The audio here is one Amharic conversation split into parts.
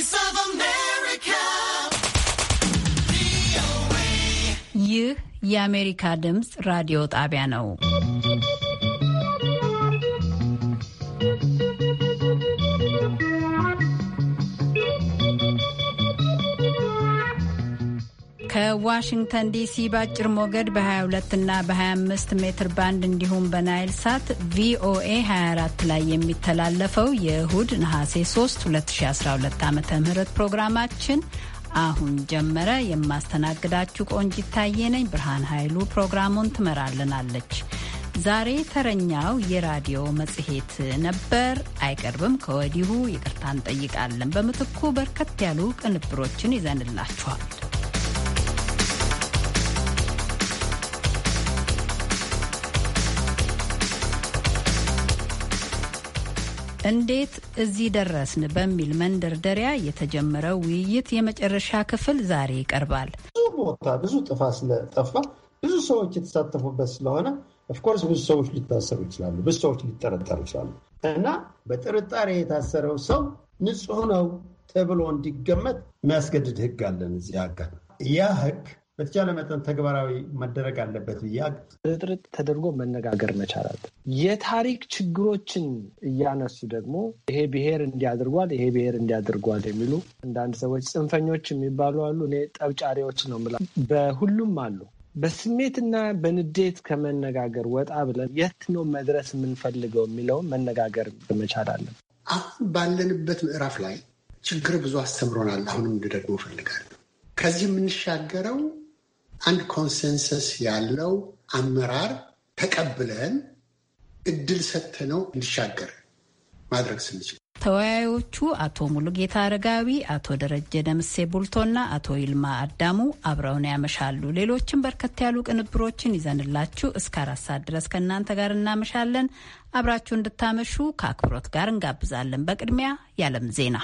voice of America. VOA. You, the America Dems Radio Tabiano. Mm-hmm. ከዋሽንግተን ዲሲ በአጭር ሞገድ በ22 እና በ25 ሜትር ባንድ እንዲሁም በናይል ሳት ቪኦኤ 24 ላይ የሚተላለፈው የእሁድ ነሐሴ 3 2012 ዓ ም ፕሮግራማችን አሁን ጀመረ። የማስተናግዳችሁ ቆንጅ ታዬ ነኝ። ብርሃን ኃይሉ ፕሮግራሙን ትመራልናለች። ዛሬ ተረኛው የራዲዮ መጽሔት ነበር። አይቀርብም፣ ከወዲሁ ይቅርታ እንጠይቃለን። በምትኩ በርከት ያሉ ቅንብሮችን ይዘንላችኋል። እንዴት እዚህ ደረስን በሚል መንደርደሪያ የተጀመረው ውይይት የመጨረሻ ክፍል ዛሬ ይቀርባል። ብዙ ቦታ ብዙ ጥፋ ስለጠፋ ብዙ ሰዎች የተሳተፉበት ስለሆነ ኦፍኮርስ ብዙ ሰዎች ሊታሰሩ ይችላሉ፣ ብዙ ሰዎች ሊጠረጠሩ ይችላሉ እና በጥርጣሬ የታሰረው ሰው ንጹህ ነው ተብሎ እንዲገመት የሚያስገድድ ህግ አለን እዚህ ሀገር ያ ህግ በተቻለ መጠን ተግባራዊ መደረግ አለበት ብዬ ጥርጥ ተደርጎ መነጋገር መቻላል። የታሪክ ችግሮችን እያነሱ ደግሞ ይሄ ብሔር እንዲያድርጓል ይሄ ብሔር እንዲያድርጓል የሚሉ አንዳንድ ሰዎች ጽንፈኞች የሚባሉ አሉ። እኔ ጠብጫሪዎች ነው የምላ በሁሉም አሉ። በስሜትና በንዴት ከመነጋገር ወጣ ብለን የት ነው መድረስ የምንፈልገው የሚለውን መነጋገር መቻል አሁን ባለንበት ምዕራፍ ላይ ችግር ብዙ አስተምሮናል። አሁንም እንድደግሞ እፈልጋለሁ ከዚህ የምንሻገረው አንድ ኮንሰንሰስ ያለው አመራር ተቀብለን እድል ሰጥተነው እንዲሻገር ማድረግ ስንችል ተወያዮቹ አቶ ሙሉጌታ አረጋዊ፣ አቶ ደረጀ ደምሴ ቡልቶና አቶ ይልማ አዳሙ አብረውን ያመሻሉ። ሌሎችም በርከት ያሉ ቅንብሮችን ይዘንላችሁ እስከ አራት ሰዓት ድረስ ከእናንተ ጋር እናመሻለን። አብራችሁ እንድታመሹ ከአክብሮት ጋር እንጋብዛለን። በቅድሚያ የዓለም ዜና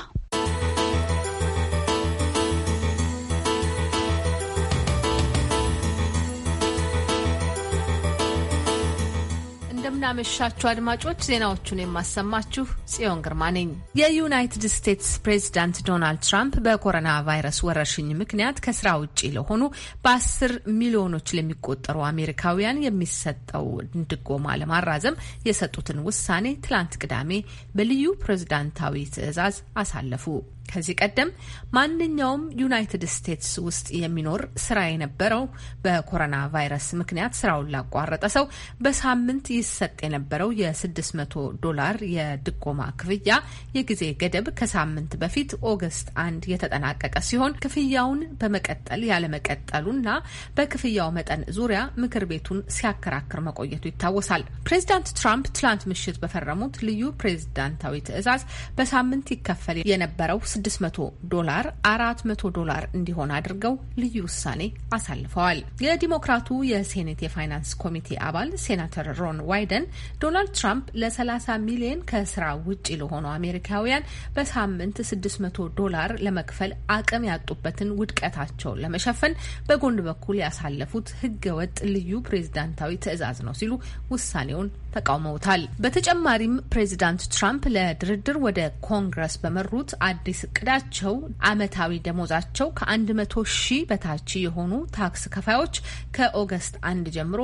እንደምናመሻችሁ አድማጮች፣ ዜናዎቹን የማሰማችሁ ጽዮን ግርማ ነኝ። የዩናይትድ ስቴትስ ፕሬዚዳንት ዶናልድ ትራምፕ በኮሮና ቫይረስ ወረርሽኝ ምክንያት ከስራ ውጪ ለሆኑ በአስር ሚሊዮኖች ለሚቆጠሩ አሜሪካውያን የሚሰጠው ድጎማ ለማራዘም የሰጡትን ውሳኔ ትላንት ቅዳሜ በልዩ ፕሬዚዳንታዊ ትዕዛዝ አሳለፉ። ከዚህ ቀደም ማንኛውም ዩናይትድ ስቴትስ ውስጥ የሚኖር ስራ የነበረው በኮሮና ቫይረስ ምክንያት ስራውን ላቋረጠ ሰው በሳምንት ይሰጥ የነበረው የ600 ዶላር የድጎማ ክፍያ የጊዜ ገደብ ከሳምንት በፊት ኦገስት አንድ የተጠናቀቀ ሲሆን ክፍያውን በመቀጠል ያለመቀጠሉና በክፍያው መጠን ዙሪያ ምክር ቤቱን ሲያከራክር መቆየቱ ይታወሳል። ፕሬዚዳንት ትራምፕ ትላንት ምሽት በፈረሙት ልዩ ፕሬዚዳንታዊ ትዕዛዝ በሳምንት ይከፈል የነበረው 600 ዶላር 400 ዶላር እንዲሆን አድርገው ልዩ ውሳኔ አሳልፈዋል። የዲሞክራቱ የሴኔት የፋይናንስ ኮሚቴ አባል ሴናተር ሮን ዋይደን ዶናልድ ትራምፕ ለ30 ሚሊዮን ከስራ ውጪ ለሆኑ አሜሪካውያን በሳምንት 600 ዶላር ለመክፈል አቅም ያጡበትን ውድቀታቸውን ለመሸፈን በጎን በኩል ያሳለፉት ህገወጥ ልዩ ፕሬዝዳንታዊ ትዕዛዝ ነው ሲሉ ውሳኔውን ተቃውመውታል። በተጨማሪም ፕሬዚዳንት ትራምፕ ለድርድር ወደ ኮንግረስ በመሩት አዲስ እቅዳቸው አመታዊ ደሞዛቸው ከ100 ሺህ በታች የሆኑ ታክስ ከፋዮች ከኦገስት አንድ ጀምሮ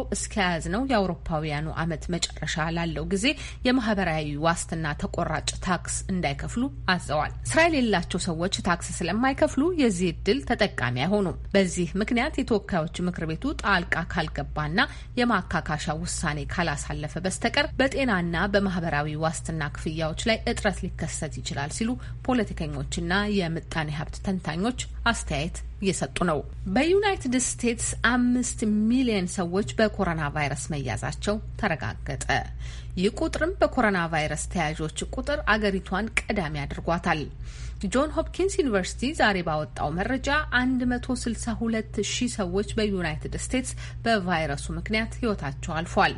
ነው የአውሮፓውያኑ አመት መጨረሻ ላለው ጊዜ የማህበራዊ ዋስትና ተቆራጭ ታክስ እንዳይከፍሉ አዘዋል። ስራ የሌላቸው ሰዎች ታክስ ስለማይከፍሉ የዚህ እድል ተጠቃሚ አይሆኑም። በዚህ ምክንያት የተወካዮች ምክር ቤቱ ጣልቃ ካልገባና የማካካሻ ውሳኔ ካላሳለፈ በስተቀር በጤናና በማህበራዊ ዋስትና ክፍያዎች ላይ እጥረት ሊከሰት ይችላል ሲሉ ፖለቲከኞች ባለሙያዎችና የምጣኔ ሀብት ተንታኞች አስተያየት እየሰጡ ነው። በዩናይትድ ስቴትስ አምስት ሚሊዮን ሰዎች በኮሮና ቫይረስ መያዛቸው ተረጋገጠ። ይህ ቁጥርም በኮሮና ቫይረስ ተያዦች ቁጥር አገሪቷን ቀዳሚ አድርጓታል። ጆን ሆፕኪንስ ዩኒቨርሲቲ ዛሬ ባወጣው መረጃ 162 ሺህ ሰዎች በዩናይትድ ስቴትስ በቫይረሱ ምክንያት ሕይወታቸው አልፏል።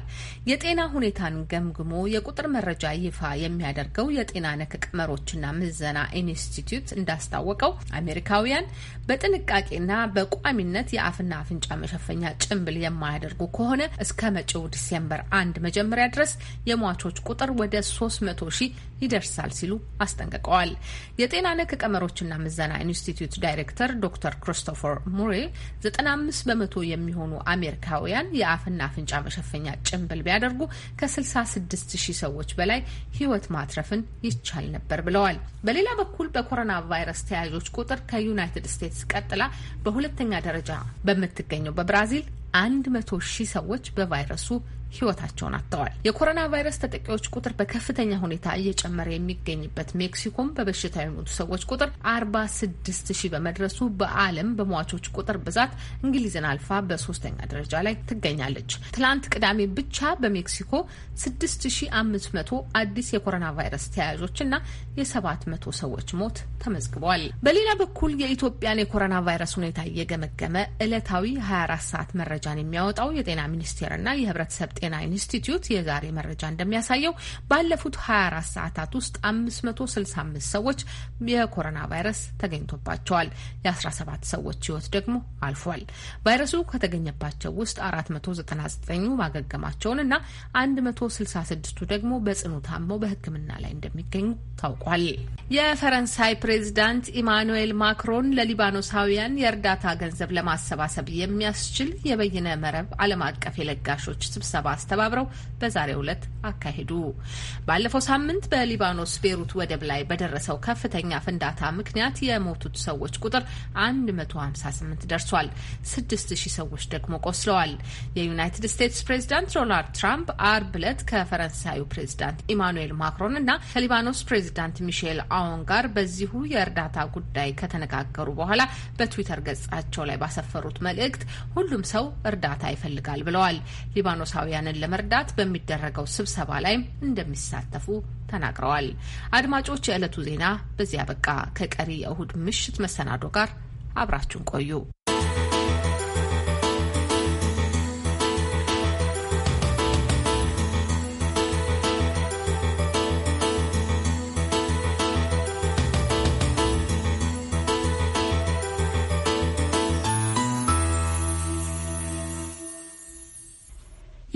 የጤና ሁኔታን ገምግሞ የቁጥር መረጃ ይፋ የሚያደርገው የጤና ነክ ቀመሮችና ምዘና ኢንስቲትዩት እንዳስታወቀው አሜሪካውያን በጥንቃቄና በቋሚነት የአፍና አፍንጫ መሸፈኛ ጭንብል የማያደርጉ ከሆነ እስከ መጪው ዲሴምበር አንድ መጀመሪያ ድረስ የሟቾች ቁጥር ወደ 300 ሺህ ይደርሳል ሲሉ አስጠንቅቀዋል። የጤና ነክ ቀመሮችና ምዘና ኢንስቲትዩት ዳይሬክተር ዶክተር ክሪስቶፈር ሙሬ 95 በመቶ የሚሆኑ አሜሪካውያን የአፍና አፍንጫ መሸፈኛ ጭንብል ቢያደርጉ ከ66 ሺህ ሰዎች በላይ ሕይወት ማትረፍን ይቻል ነበር ብለዋል። በሌላ በኩል በኮሮና ቫይረስ ተያዦች ቁጥር ከዩናይትድ ስቴትስ ቀጥላ በሁለተኛ ደረጃ በምትገኘው በብራዚል 100 ሺህ ሰዎች በቫይረሱ ህይወታቸውን አጥተዋል። የኮሮና ቫይረስ ተጠቂዎች ቁጥር በከፍተኛ ሁኔታ እየጨመረ የሚገኝበት ሜክሲኮም በበሽታ የሞቱ ሰዎች ቁጥር ስድስት ሺህ በመድረሱ በዓለም በሟቾች ቁጥር ብዛት እንግሊዝን አልፋ በሶስተኛ ደረጃ ላይ ትገኛለች። ትላንት ቅዳሜ ብቻ በሜክሲኮ መቶ አዲስ የኮሮና ቫይረስ ተያያዦችና የሰባት መቶ ሰዎች ሞት ተመዝግበዋል። በሌላ በኩል የኢትዮጵያን የኮሮና ቫይረስ ሁኔታ እየገመገመ ዕለታዊ 24 ሰዓት መረጃን የሚያወጣው የጤና ሚኒስቴርና የህብረተሰብ ጤና ኢንስቲትዩት የዛሬ መረጃ እንደሚያሳየው ባለፉት 24 ሰዓታት ውስጥ 565 ሰዎች የኮሮና ቫይረስ ተገኝቶባቸዋል። የ17 ሰዎች ህይወት ደግሞ አልፏል። ቫይረሱ ከተገኘባቸው ውስጥ 499ኙ ማገገማቸውን እና 166ቱ ደግሞ በጽኑ ታመው በሕክምና ላይ እንደሚገኙ ታውቋል። የፈረንሳይ ፕሬዚዳንት ኢማኑኤል ማክሮን ለሊባኖሳውያን የእርዳታ ገንዘብ ለማሰባሰብ የሚያስችል የበይነ መረብ ዓለም አቀፍ የለጋሾች ስብሰባ አስተባብረው በዛሬው ዕለት አካሄዱ። ባለፈው ሳምንት በሊባኖስ ቤሩት ወደብ ላይ በደረሰው ከፍተኛ ፍንዳታ ምክንያት የሞቱት ሰዎች ቁጥር 158 ደርሷል። 6000 ሰዎች ደግሞ ቆስለዋል። የዩናይትድ ስቴትስ ፕሬዚዳንት ዶናልድ ትራምፕ አርብ ዕለት ከፈረንሳዩ ፕሬዚዳንት ኢማኑኤል ማክሮን እና ከሊባኖስ ፕሬዚዳንት ሚሼል አዎን ጋር በዚሁ የእርዳታ ጉዳይ ከተነጋገሩ በኋላ በትዊተር ገጻቸው ላይ ባሰፈሩት መልእክት ሁሉም ሰው እርዳታ ይፈልጋል ብለዋል። ሊባኖሳዊ ኢትዮጵያውያንን ለመርዳት በሚደረገው ስብሰባ ላይም እንደሚሳተፉ ተናግረዋል። አድማጮች፣ የዕለቱ ዜና በዚያ በቃ። ከቀሪ የእሁድ ምሽት መሰናዶ ጋር አብራችሁን ቆዩ።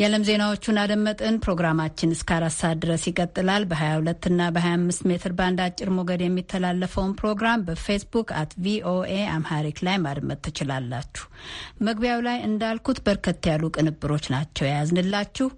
የዓለም ዜናዎቹን አደመጥን። ፕሮግራማችን እስከ አራት ሰዓት ድረስ ይቀጥላል። በ22 እና በ25 ሜትር ባንድ አጭር ሞገድ የሚተላለፈውን ፕሮግራም በፌስቡክ አት ቪኦኤ አምሃሪክ ላይ ማድመጥ ትችላላችሁ። መግቢያው ላይ እንዳልኩት በርከት ያሉ ቅንብሮች ናቸው የያዝንላችሁ።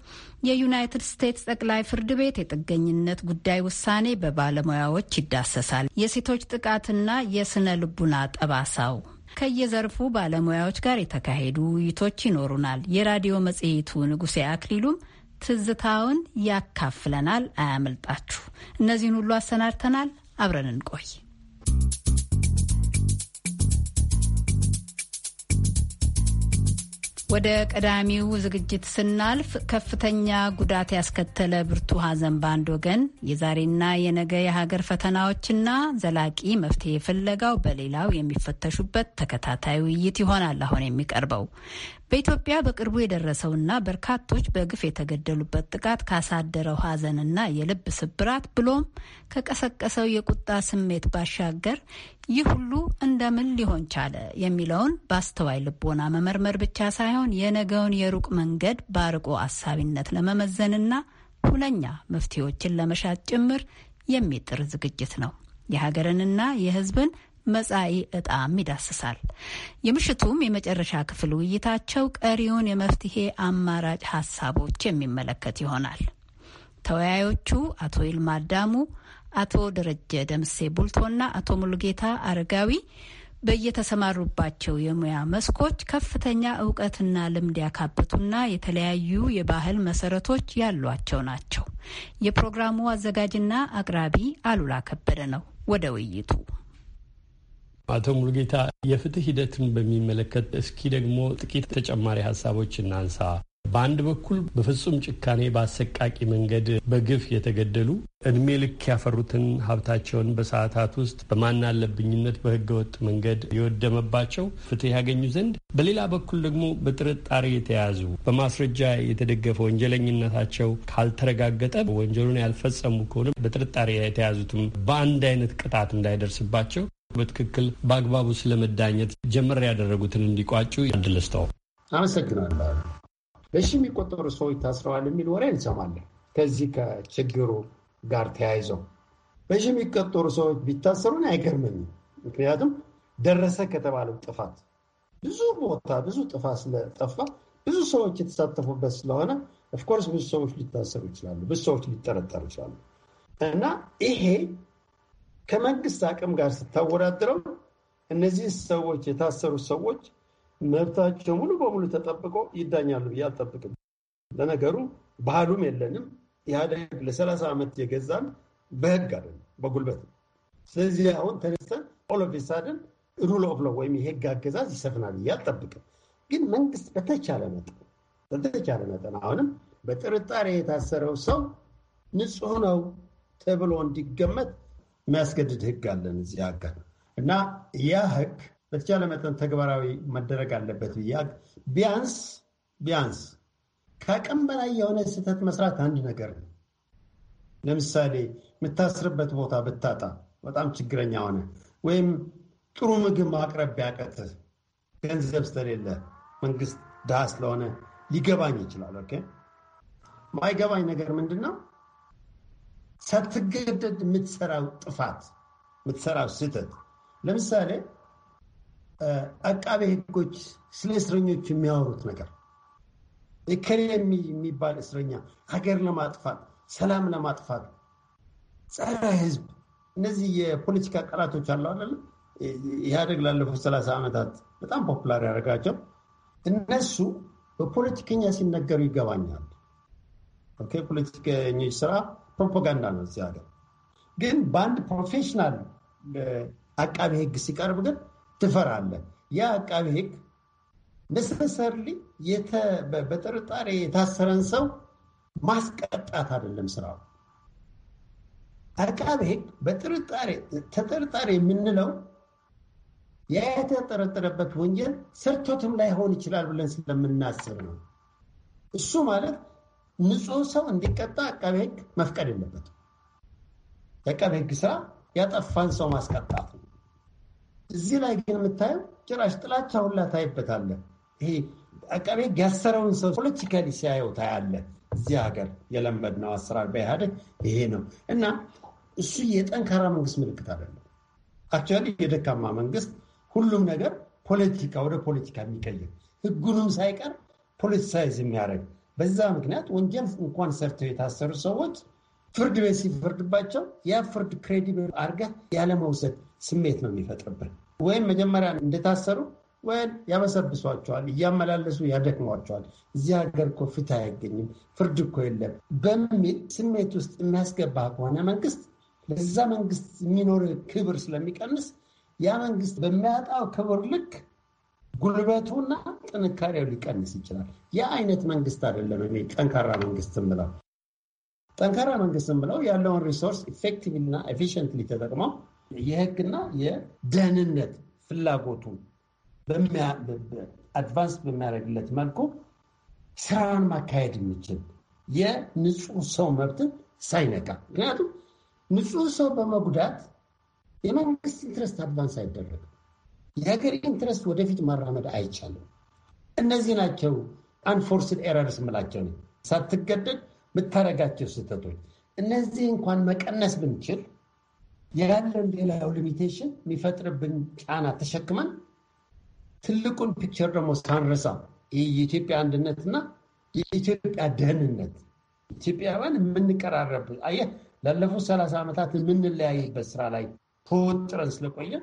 የዩናይትድ ስቴትስ ጠቅላይ ፍርድ ቤት የጥገኝነት ጉዳይ ውሳኔ በባለሙያዎች ይዳሰሳል። የሴቶች ጥቃትና የስነ ልቡና ጠባሳው ከየዘርፉ ባለሙያዎች ጋር የተካሄዱ ውይይቶች ይኖሩናል። የራዲዮ መጽሔቱ ንጉሴ አክሊሉም ትዝታውን ያካፍለናል። አያመልጣችሁ። እነዚህን ሁሉ አሰናድተናል። አብረን እንቆይ። ወደ ቀዳሚው ዝግጅት ስናልፍ ከፍተኛ ጉዳት ያስከተለ ብርቱ ሐዘን በአንድ ወገን፣ የዛሬና የነገ የሀገር ፈተናዎችና ዘላቂ መፍትሄ ፍለጋው በሌላው የሚፈተሹበት ተከታታይ ውይይት ይሆናል አሁን የሚቀርበው። በኢትዮጵያ በቅርቡ የደረሰውና በርካቶች በግፍ የተገደሉበት ጥቃት ካሳደረው ሐዘንና የልብ ስብራት ብሎም ከቀሰቀሰው የቁጣ ስሜት ባሻገር ይህ ሁሉ እንደምን ሊሆን ቻለ የሚለውን በአስተዋይ ልቦና መመርመር ብቻ ሳይሆን የነገውን የሩቅ መንገድ በአርቆ አሳቢነት ለመመዘንና ሁነኛ መፍትሄዎችን ለመሻት ጭምር የሚጥር ዝግጅት ነው። የሀገርንና የሕዝብን መጻኢ ዕጣም ይዳስሳል። የምሽቱም የመጨረሻ ክፍል ውይይታቸው ቀሪውን የመፍትሄ አማራጭ ሀሳቦች የሚመለከት ይሆናል። ተወያዮቹ አቶ ይልማ አቶ ደረጀ ደምሴ ቡልቶና አቶ ሙሉጌታ አረጋዊ በየተሰማሩባቸው የሙያ መስኮች ከፍተኛ እውቀትና ልምድ ያካበቱና የተለያዩ የባህል መሰረቶች ያሏቸው ናቸው። የፕሮግራሙ አዘጋጅና አቅራቢ አሉላ ከበደ ነው። ወደ ውይይቱ አቶ ሙሉጌታ የፍትህ ሂደትን በሚመለከት እስኪ ደግሞ ጥቂት ተጨማሪ ሀሳቦች እናንሳ። በአንድ በኩል በፍጹም ጭካኔ በአሰቃቂ መንገድ በግፍ የተገደሉ እድሜ ልክ ያፈሩትን ሀብታቸውን በሰዓታት ውስጥ በማናለብኝነት በህገወጥ መንገድ የወደመባቸው ፍትህ ያገኙ ዘንድ፣ በሌላ በኩል ደግሞ በጥርጣሬ የተያዙ በማስረጃ የተደገፈ ወንጀለኝነታቸው ካልተረጋገጠ ወንጀሉን ያልፈጸሙ ከሆነ በጥርጣሬ የተያዙትም በአንድ አይነት ቅጣት እንዳይደርስባቸው በትክክል በአግባቡ ስለመዳኘት ጀመር ያደረጉትን እንዲቋጩ አድለስተዋል። አመሰግናለሁ። በሺ የሚቆጠሩ ሰዎች ታስረዋል የሚል ወሬ እንሰማለን። ከዚህ ከችግሩ ጋር ተያይዘው በሺ የሚቆጠሩ ሰዎች ቢታሰሩን አይገርምም። ምክንያቱም ደረሰ ከተባለው ጥፋት ብዙ ቦታ ብዙ ጥፋት ስለጠፋ ብዙ ሰዎች የተሳተፉበት ስለሆነ ኦፍኮርስ ብዙ ሰዎች ሊታሰሩ ይችላሉ፣ ብዙ ሰዎች ሊጠረጠሩ ይችላሉ እና ይሄ ከመንግስት አቅም ጋር ስታወዳድረው እነዚህ ሰዎች የታሰሩ ሰዎች መብታቸው ሙሉ በሙሉ ተጠብቆ ይዳኛሉ ብዬ አልጠብቅም። ለነገሩ ባህሉም የለንም። ኢህአዴግ ለ30 ዓመት የገዛን በህግ አይደለም በጉልበት ስለዚህ አሁን ተነስተን ኦሎፊሳድን ሩል ኦፍ ሎው ወይም የህግ አገዛዝ ይሰፍናል ብዬ አልጠብቅም። ግን መንግስት በተቻለ መጠን በተቻለ መጠን አሁንም በጥርጣሬ የታሰረው ሰው ንጹህ ነው ተብሎ እንዲገመት የሚያስገድድ ህግ አለን እዚህ ሀገር እና ያ ህግ በተቻለ መጠን ተግባራዊ መደረግ አለበት ብዬ ቢያንስ ቢያንስ ከአቅም በላይ የሆነ ስህተት መስራት አንድ ነገር ነው። ለምሳሌ የምታስርበት ቦታ ብታጣ፣ በጣም ችግረኛ ሆነ፣ ወይም ጥሩ ምግብ ማቅረብ ቢያቀትህ፣ ገንዘብ ስለሌለ መንግስት ድሃ ስለሆነ ሊገባኝ ይችላል። ኦኬ ማይገባኝ ነገር ምንድን ነው? የምትሰራው ጥፋት የምትሰራው ስህተት ለምሳሌ አቃቤ ሕጎች ስለ እስረኞች የሚያወሩት ነገር እከሌ የሚባል እስረኛ ሀገር ለማጥፋት ሰላም ለማጥፋት ጸረ ሕዝብ እነዚህ የፖለቲካ ቃላቶች አለው አለ ኢህአደግ ላለፉት ሰላሳ ዓመታት በጣም ፖፑላር ያደረጋቸው እነሱ በፖለቲከኛ ሲነገሩ ይገባኛል። ፖለቲከኞች ስራ ፕሮፓጋንዳ ነው እዚህ ሀገር። ግን በአንድ ፕሮፌሽናል አቃቤ ሕግ ሲቀርብ ግን ትፈራለህ። ያ አቃቤ ህግ ነሰሰርሊ በጥርጣሬ የታሰረን ሰው ማስቀጣት አይደለም ስራው። አቃቤ ህግ በጥርጣሬ ተጠርጣሪ የምንለው ያ የተጠረጠረበት ወንጀል ሰርቶትም ላይሆን ይችላል ብለን ስለምናስብ ነው። እሱ ማለት ንጹህ ሰው እንዲቀጣ አቃቤ ህግ መፍቀድ የለበትም። የአቃቤ ህግ ስራ ያጠፋን ሰው ማስቀጣት ነው። እዚህ ላይ ግን የምታየው ጭራሽ ጥላቻ ሁላ ታይበታለህ። ይሄ አቃቤ ያሰረውን ሰው ፖለቲካሊ ሲያየው ታያለህ። እዚህ ሀገር የለመድነው አሰራር በኢህአዴግ ይሄ ነው እና እሱ የጠንካራ መንግስት ምልክት አይደለም። አክቹዋሊ የደካማ መንግስት ሁሉም ነገር ፖለቲካ ወደ ፖለቲካ የሚቀይር ህጉንም ሳይቀር ፖለቲሳይዝ የሚያደርግ በዛ ምክንያት ወንጀል እንኳን ሰርተው የታሰሩ ሰዎች ፍርድ ቤት ሲፈርድባቸው ያ ፍርድ ክሬዲብል አድርገህ ያለመውሰድ ስሜት ነው የሚፈጥርብን። ወይም መጀመሪያ እንደታሰሩ ወይም ያበሰብሷቸዋል፣ እያመላለሱ ያደክሟቸዋል። እዚህ ሀገር እኮ ፍትህ አያገኝም፣ ፍርድ እኮ የለም በሚል ስሜት ውስጥ የሚያስገባ ከሆነ መንግስት ለዛ መንግስት የሚኖር ክብር ስለሚቀንስ ያ መንግስት በሚያጣው ክብር ልክ ጉልበቱና ጥንካሬው ሊቀንስ ይችላል። ያ አይነት መንግስት አይደለም እኔ ጠንካራ መንግስት ብለው ጠንካራ መንግስትም ብለው ያለውን ሪሶርስ ኢፌክቲቭ እና ኤፊሽንትሊ ተጠቅመው የህግና የደህንነት ፍላጎቱን አድቫንስ በሚያደርግለት መልኩ ስራውን ማካሄድ የሚችል የንጹህ ሰው መብትን ሳይነካ ምክንያቱም ንጹህ ሰው በመጉዳት የመንግስት ኢንትረስት አድቫንስ አይደረግም። የሀገር ኢንትረስት ወደፊት ማራመድ አይቻልም። እነዚህ ናቸው አንፎርስድ ኤረርስ ምላቸው ነው። ሳትገደድ የምታረጋቸው ስህተቶች እነዚህ እንኳን መቀነስ ብንችል ያለን ሌላው ሊሚቴሽን የሚፈጥርብን ጫና ተሸክመን ትልቁን ፒክቸር ደግሞ ሳንረሳ የኢትዮጵያ አንድነትና የኢትዮጵያ ደህንነት ኢትዮጵያውያን የምንቀራረብ አየ ላለፉት ሰላሳ ዓመታት የምንለያይበት ስራ ላይ ተወጥረን ስለቆየን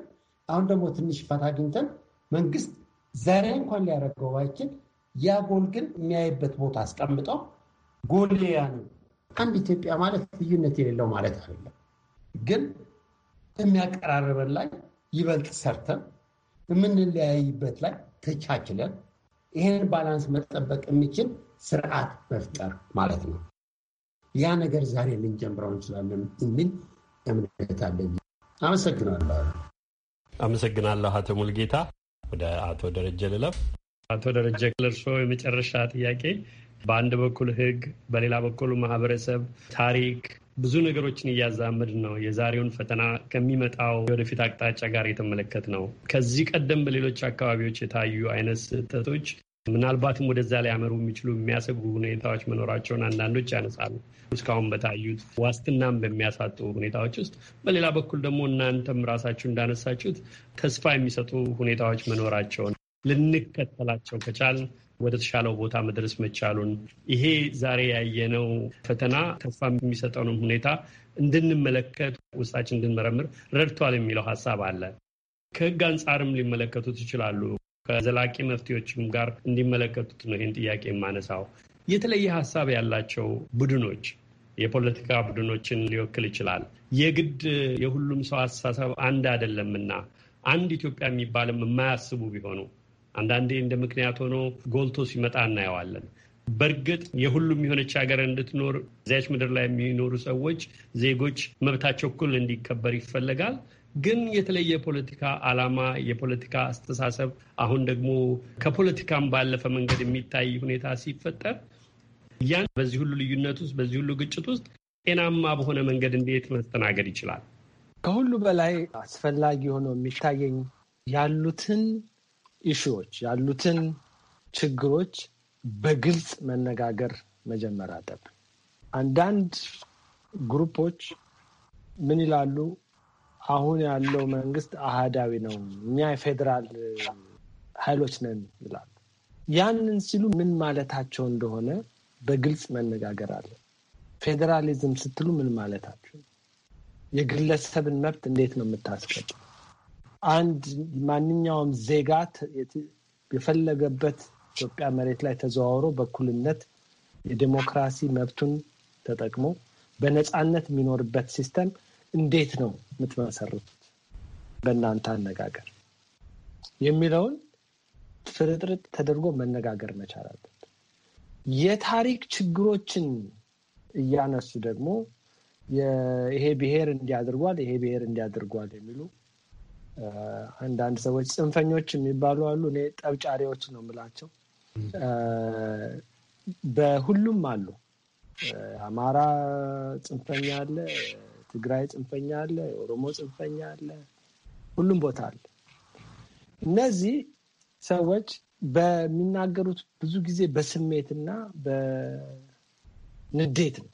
አሁን ደግሞ ትንሽ ፈታ አግኝተን መንግስት ዛሬ እንኳን ሊያደርገው ባይችል ያጎል ግን የሚያይበት ቦታ አስቀምጠው ጎሌ ነው። አንድ ኢትዮጵያ ማለት ልዩነት የሌለው ማለት አይደለም። ግን የሚያቀራርበን ላይ ይበልጥ ሰርተን የምንለያይበት ላይ ተቻችለን ይህንን ባላንስ መጠበቅ የሚችል ስርዓት መፍጠር ማለት ነው። ያ ነገር ዛሬ ልንጀምረው እንችላለን የሚል እምነት አለኝ። አመሰግናለሁ። አመሰግናለሁ አቶ ሙልጌታ። ወደ አቶ ደረጀ ልለፍ። አቶ ደረጀ ለእርስዎ የመጨረሻ ጥያቄ በአንድ በኩል ህግ በሌላ በኩል ማህበረሰብ፣ ታሪክ ብዙ ነገሮችን እያዛመድ ነው። የዛሬውን ፈተና ከሚመጣው የወደፊት አቅጣጫ ጋር የተመለከት ነው። ከዚህ ቀደም በሌሎች አካባቢዎች የታዩ አይነት ስህተቶች ምናልባትም ወደዛ ሊያመሩ የሚችሉ የሚያሰጉ ሁኔታዎች መኖራቸውን አንዳንዶች ያነሳሉ። እስካሁን በታዩት ዋስትናም በሚያሳጡ ሁኔታዎች ውስጥ፣ በሌላ በኩል ደግሞ እናንተም ራሳችሁ እንዳነሳችሁት ተስፋ የሚሰጡ ሁኔታዎች መኖራቸውን ልንከተላቸው ከቻል ወደ ተሻለው ቦታ መድረስ መቻሉን ይሄ ዛሬ ያየነው ፈተና ተስፋ የሚሰጠውንም ሁኔታ እንድንመለከት ውስጣችን እንድንመረምር ረድቷል የሚለው ሀሳብ አለ። ከህግ አንጻርም ሊመለከቱት ይችላሉ። ከዘላቂ መፍትሄዎችም ጋር እንዲመለከቱት ነው ይህን ጥያቄ የማነሳው። የተለየ ሀሳብ ያላቸው ቡድኖች የፖለቲካ ቡድኖችን ሊወክል ይችላል። የግድ የሁሉም ሰው አስተሳሰብ አንድ አይደለምና አንድ ኢትዮጵያ የሚባልም የማያስቡ ቢሆኑ አንዳንዴ እንደ ምክንያት ሆኖ ጎልቶ ሲመጣ እናየዋለን። በእርግጥ የሁሉም የሆነች ሀገር እንድትኖር እዚያች ምድር ላይ የሚኖሩ ሰዎች ዜጎች መብታቸው እኩል እንዲከበር ይፈለጋል። ግን የተለየ የፖለቲካ ዓላማ የፖለቲካ አስተሳሰብ አሁን ደግሞ ከፖለቲካም ባለፈ መንገድ የሚታይ ሁኔታ ሲፈጠር ያን በዚህ ሁሉ ልዩነት ውስጥ በዚህ ሁሉ ግጭት ውስጥ ጤናማ በሆነ መንገድ እንዴት መስተናገድ ይችላል? ከሁሉ በላይ አስፈላጊ ሆኖ የሚታየኝ ያሉትን ኢሹዎች ያሉትን ችግሮች በግልጽ መነጋገር መጀመር አለብን። አንዳንድ ግሩፖች ምን ይላሉ? አሁን ያለው መንግስት አህዳዊ ነው፣ እኛ የፌዴራል ኃይሎች ነን ይላሉ። ያንን ሲሉ ምን ማለታቸው እንደሆነ በግልጽ መነጋገር አለ። ፌዴራሊዝም ስትሉ ምን ማለታቸው? የግለሰብን መብት እንዴት ነው የምታስቀጥል? አንድ ማንኛውም ዜጋ የፈለገበት ኢትዮጵያ መሬት ላይ ተዘዋውሮ በእኩልነት የዴሞክራሲ መብቱን ተጠቅሞ በነፃነት የሚኖርበት ሲስተም እንዴት ነው የምትመሰርቱት? በእናንተ አነጋገር የሚለውን ፍርጥርጥ ተደርጎ መነጋገር መቻል አለበት። የታሪክ ችግሮችን እያነሱ ደግሞ ይሄ ብሔር እንዲያደርጓል፣ ይሄ ብሔር እንዲያደርጓል የሚሉ አንዳንድ ሰዎች ጽንፈኞች የሚባሉ አሉ። እኔ ጠብጫሪዎች ነው የምላቸው። በሁሉም አሉ። አማራ ጽንፈኛ አለ፣ ትግራይ ጽንፈኛ አለ፣ ኦሮሞ ጽንፈኛ አለ፣ ሁሉም ቦታ አለ። እነዚህ ሰዎች በሚናገሩት ብዙ ጊዜ በስሜትና በንዴት ነው።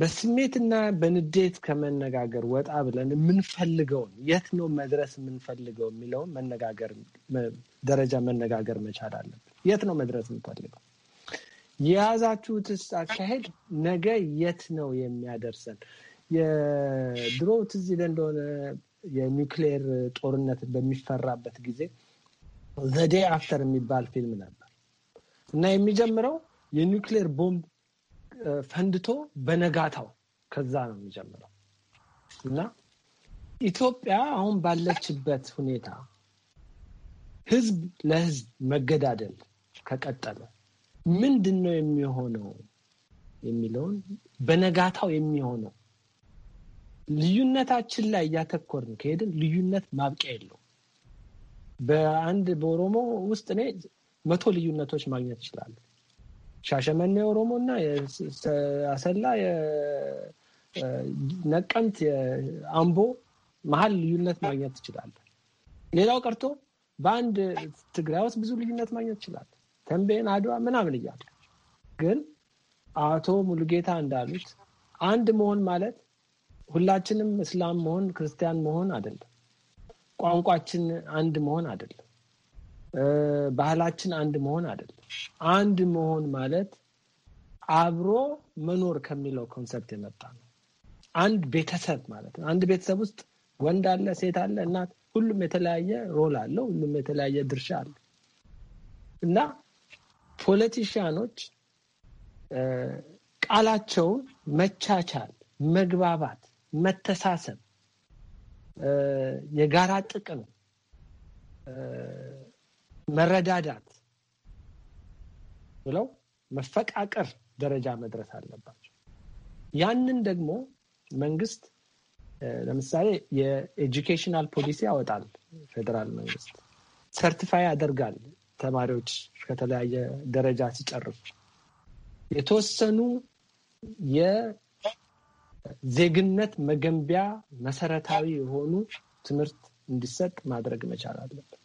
በስሜትና በንዴት ከመነጋገር ወጣ ብለን የምንፈልገውን የት ነው መድረስ የምንፈልገው የሚለውን መነጋገር ደረጃ መነጋገር መቻል አለብን። የት ነው መድረስ የምንፈልገው? የያዛችሁትስ አካሄድ ነገ የት ነው የሚያደርሰን? የድሮ ትዝ ይለን እንደሆነ የኒውክሌር ጦርነት በሚፈራበት ጊዜ ዘዴ አፍተር የሚባል ፊልም ነበር እና የሚጀምረው የኒውክሌር ቦምብ ፈንድቶ በነጋታው ከዛ ነው የሚጀምረው እና ኢትዮጵያ አሁን ባለችበት ሁኔታ ህዝብ ለህዝብ መገዳደል ከቀጠለ ምንድን ነው የሚሆነው የሚለውን በነጋታው የሚሆነው ልዩነታችን ላይ እያተኮርን ከሄድን ልዩነት ማብቂያ የለው? በአንድ በኦሮሞ ውስጥ እኔ መቶ ልዩነቶች ማግኘት ይችላሉ። ሻሸመኔ እና አሰላ፣ ነቀምት፣ አምቦ መሀል ልዩነት ማግኘት ትችላለህ። ሌላው ቀርቶ በአንድ ትግራይ ውስጥ ብዙ ልዩነት ማግኘት ትችላለህ። ተንቤን፣ አድዋ ምናምን እያለ ግን አቶ ሙሉጌታ እንዳሉት አንድ መሆን ማለት ሁላችንም እስላም መሆን ክርስቲያን መሆን አይደለም። ቋንቋችን አንድ መሆን አይደለም። ባህላችን አንድ መሆን አይደለም። አንድ መሆን ማለት አብሮ መኖር ከሚለው ኮንሰፕት የመጣ ነው። አንድ ቤተሰብ ማለት ነው። አንድ ቤተሰብ ውስጥ ወንድ አለ፣ ሴት አለ፣ እናት፣ ሁሉም የተለያየ ሮል አለው፣ ሁሉም የተለያየ ድርሻ አለ እና ፖለቲሽያኖች ቃላቸውን መቻቻል፣ መግባባት፣ መተሳሰብ፣ የጋራ ጥቅም መረዳዳት ብለው መፈቃቀር ደረጃ መድረስ አለባቸው። ያንን ደግሞ መንግስት ለምሳሌ የኤጁኬሽናል ፖሊሲ ያወጣል። ፌዴራል መንግስት ሰርቲፋይ ያደርጋል። ተማሪዎች ከተለያየ ደረጃ ሲጨርሱ የተወሰኑ የዜግነት መገንቢያ መሰረታዊ የሆኑ ትምህርት እንዲሰጥ ማድረግ መቻል አለበት።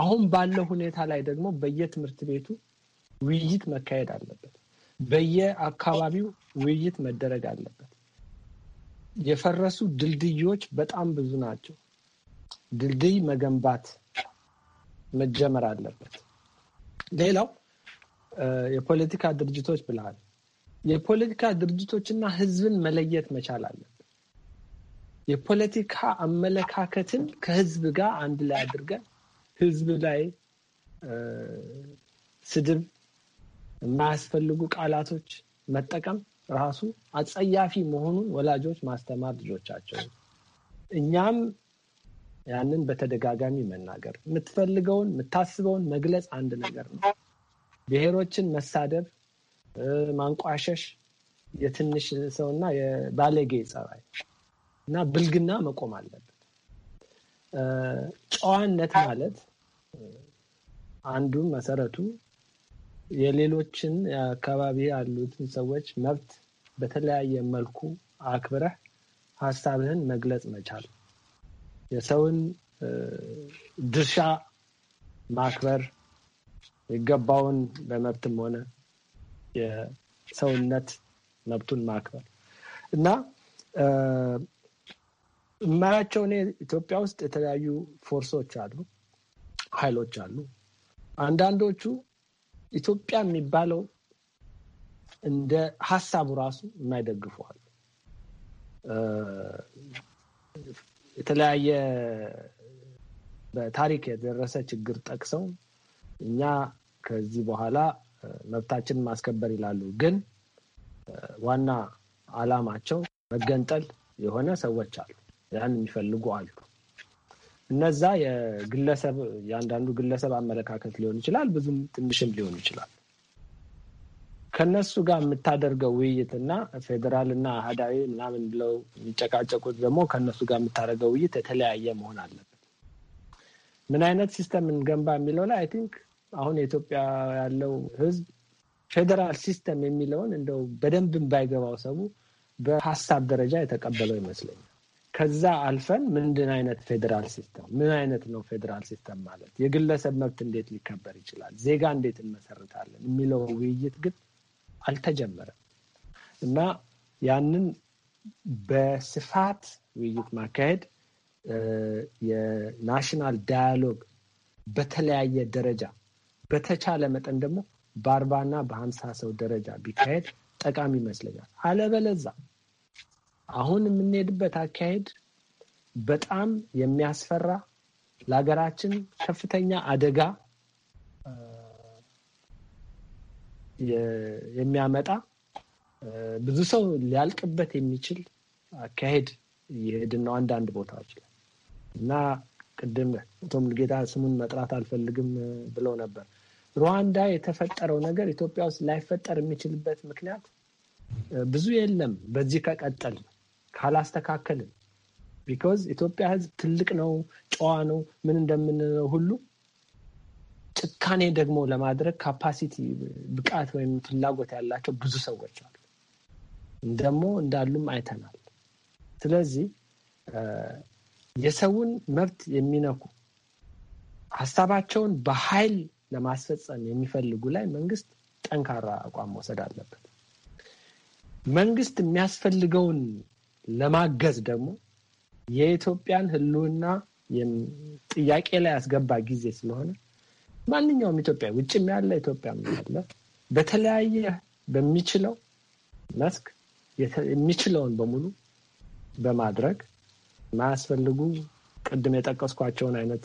አሁን ባለው ሁኔታ ላይ ደግሞ በየትምህርት ቤቱ ውይይት መካሄድ አለበት። በየአካባቢው ውይይት መደረግ አለበት። የፈረሱ ድልድዮች በጣም ብዙ ናቸው። ድልድይ መገንባት መጀመር አለበት። ሌላው የፖለቲካ ድርጅቶች ብለሃል። የፖለቲካ ድርጅቶችና ህዝብን መለየት መቻል አለበት። የፖለቲካ አመለካከትን ከህዝብ ጋር አንድ ላይ አድርገን ህዝብ ላይ ስድብ፣ የማያስፈልጉ ቃላቶች መጠቀም ራሱ አጸያፊ መሆኑን ወላጆች ማስተማር ልጆቻቸው፣ እኛም ያንን በተደጋጋሚ መናገር፣ የምትፈልገውን የምታስበውን መግለጽ አንድ ነገር ነው። ብሔሮችን መሳደብ፣ ማንቋሸሽ የትንሽ ሰውና የባለጌ ጸባይ እና ብልግና መቆም አለበት። ጨዋነት ማለት አንዱ መሰረቱ የሌሎችን አካባቢ ያሉትን ሰዎች መብት በተለያየ መልኩ አክብረህ ሀሳብህን መግለጽ መቻል፣ የሰውን ድርሻ ማክበር የገባውን በመብትም ሆነ የሰውነት መብቱን ማክበር እና እማያቸው እኔ ኢትዮጵያ ውስጥ የተለያዩ ፎርሶች አሉ፣ ኃይሎች አሉ። አንዳንዶቹ ኢትዮጵያ የሚባለው እንደ ሀሳቡ ራሱ የማይደግፈዋል። የተለያየ በታሪክ የደረሰ ችግር ጠቅሰው እኛ ከዚህ በኋላ መብታችንን ማስከበር ይላሉ፣ ግን ዋና አላማቸው መገንጠል የሆነ ሰዎች አሉ፣ ያን የሚፈልጉ አሉ። እነዛ የግለሰብ የአንዳንዱ ግለሰብ አመለካከት ሊሆን ይችላል፣ ብዙም ትንሽም ሊሆን ይችላል። ከነሱ ጋር የምታደርገው ውይይት እና ፌዴራል እና አህዳዊ ምናምን ብለው የሚጨቃጨቁት ደግሞ ከነሱ ጋር የምታደርገው ውይይት የተለያየ መሆን አለበት። ምን አይነት ሲስተም እንገንባ የሚለው ላይ አይ ቲንክ አሁን የኢትዮጵያ ያለው ህዝብ ፌዴራል ሲስተም የሚለውን እንደው በደንብም ባይገባው ሰቡ በሀሳብ ደረጃ የተቀበለው ይመስለኛል። ከዛ አልፈን ምንድን አይነት ፌዴራል ሲስተም ምን አይነት ነው ፌዴራል ሲስተም ማለት የግለሰብ መብት እንዴት ሊከበር ይችላል፣ ዜጋ እንዴት እንመሰርታለን የሚለው ውይይት ግን አልተጀመረም እና ያንን በስፋት ውይይት ማካሄድ የናሽናል ዳያሎግ በተለያየ ደረጃ በተቻለ መጠን ደግሞ በአርባና በሀምሳ ሰው ደረጃ ቢካሄድ ጠቃሚ ይመስለኛል። አለበለዛ አሁን የምንሄድበት አካሄድ በጣም የሚያስፈራ ለሀገራችን ከፍተኛ አደጋ የሚያመጣ ብዙ ሰው ሊያልቅበት የሚችል አካሄድ እየሄድን ነው አንዳንድ ቦታዎች ላይ እና ቅድም አቶ ሙሉጌታ ስሙን መጥራት አልፈልግም ብለው ነበር። ሩዋንዳ የተፈጠረው ነገር ኢትዮጵያ ውስጥ ላይፈጠር የሚችልበት ምክንያት ብዙ የለም። በዚህ ከቀጠል ነው ካላስተካከልን ቢኮዝ ኢትዮጵያ ህዝብ ትልቅ ነው፣ ጨዋ ነው፣ ምን እንደምንለው ሁሉ ጭካኔ ደግሞ ለማድረግ ካፓሲቲ ብቃት ወይም ፍላጎት ያላቸው ብዙ ሰዎች አሉ። ደግሞ እንዳሉም አይተናል። ስለዚህ የሰውን መብት የሚነኩ ሀሳባቸውን በኃይል ለማስፈጸም የሚፈልጉ ላይ መንግስት ጠንካራ አቋም መውሰድ አለበት። መንግስት የሚያስፈልገውን ለማገዝ ደግሞ የኢትዮጵያን ህልውና ጥያቄ ላይ ያስገባ ጊዜ ስለሆነ ማንኛውም ኢትዮጵያ ውጭም ያለ ኢትዮጵያም ያለ በተለያየ በሚችለው መስክ የሚችለውን በሙሉ በማድረግ ማያስፈልጉ ቅድም የጠቀስኳቸውን አይነት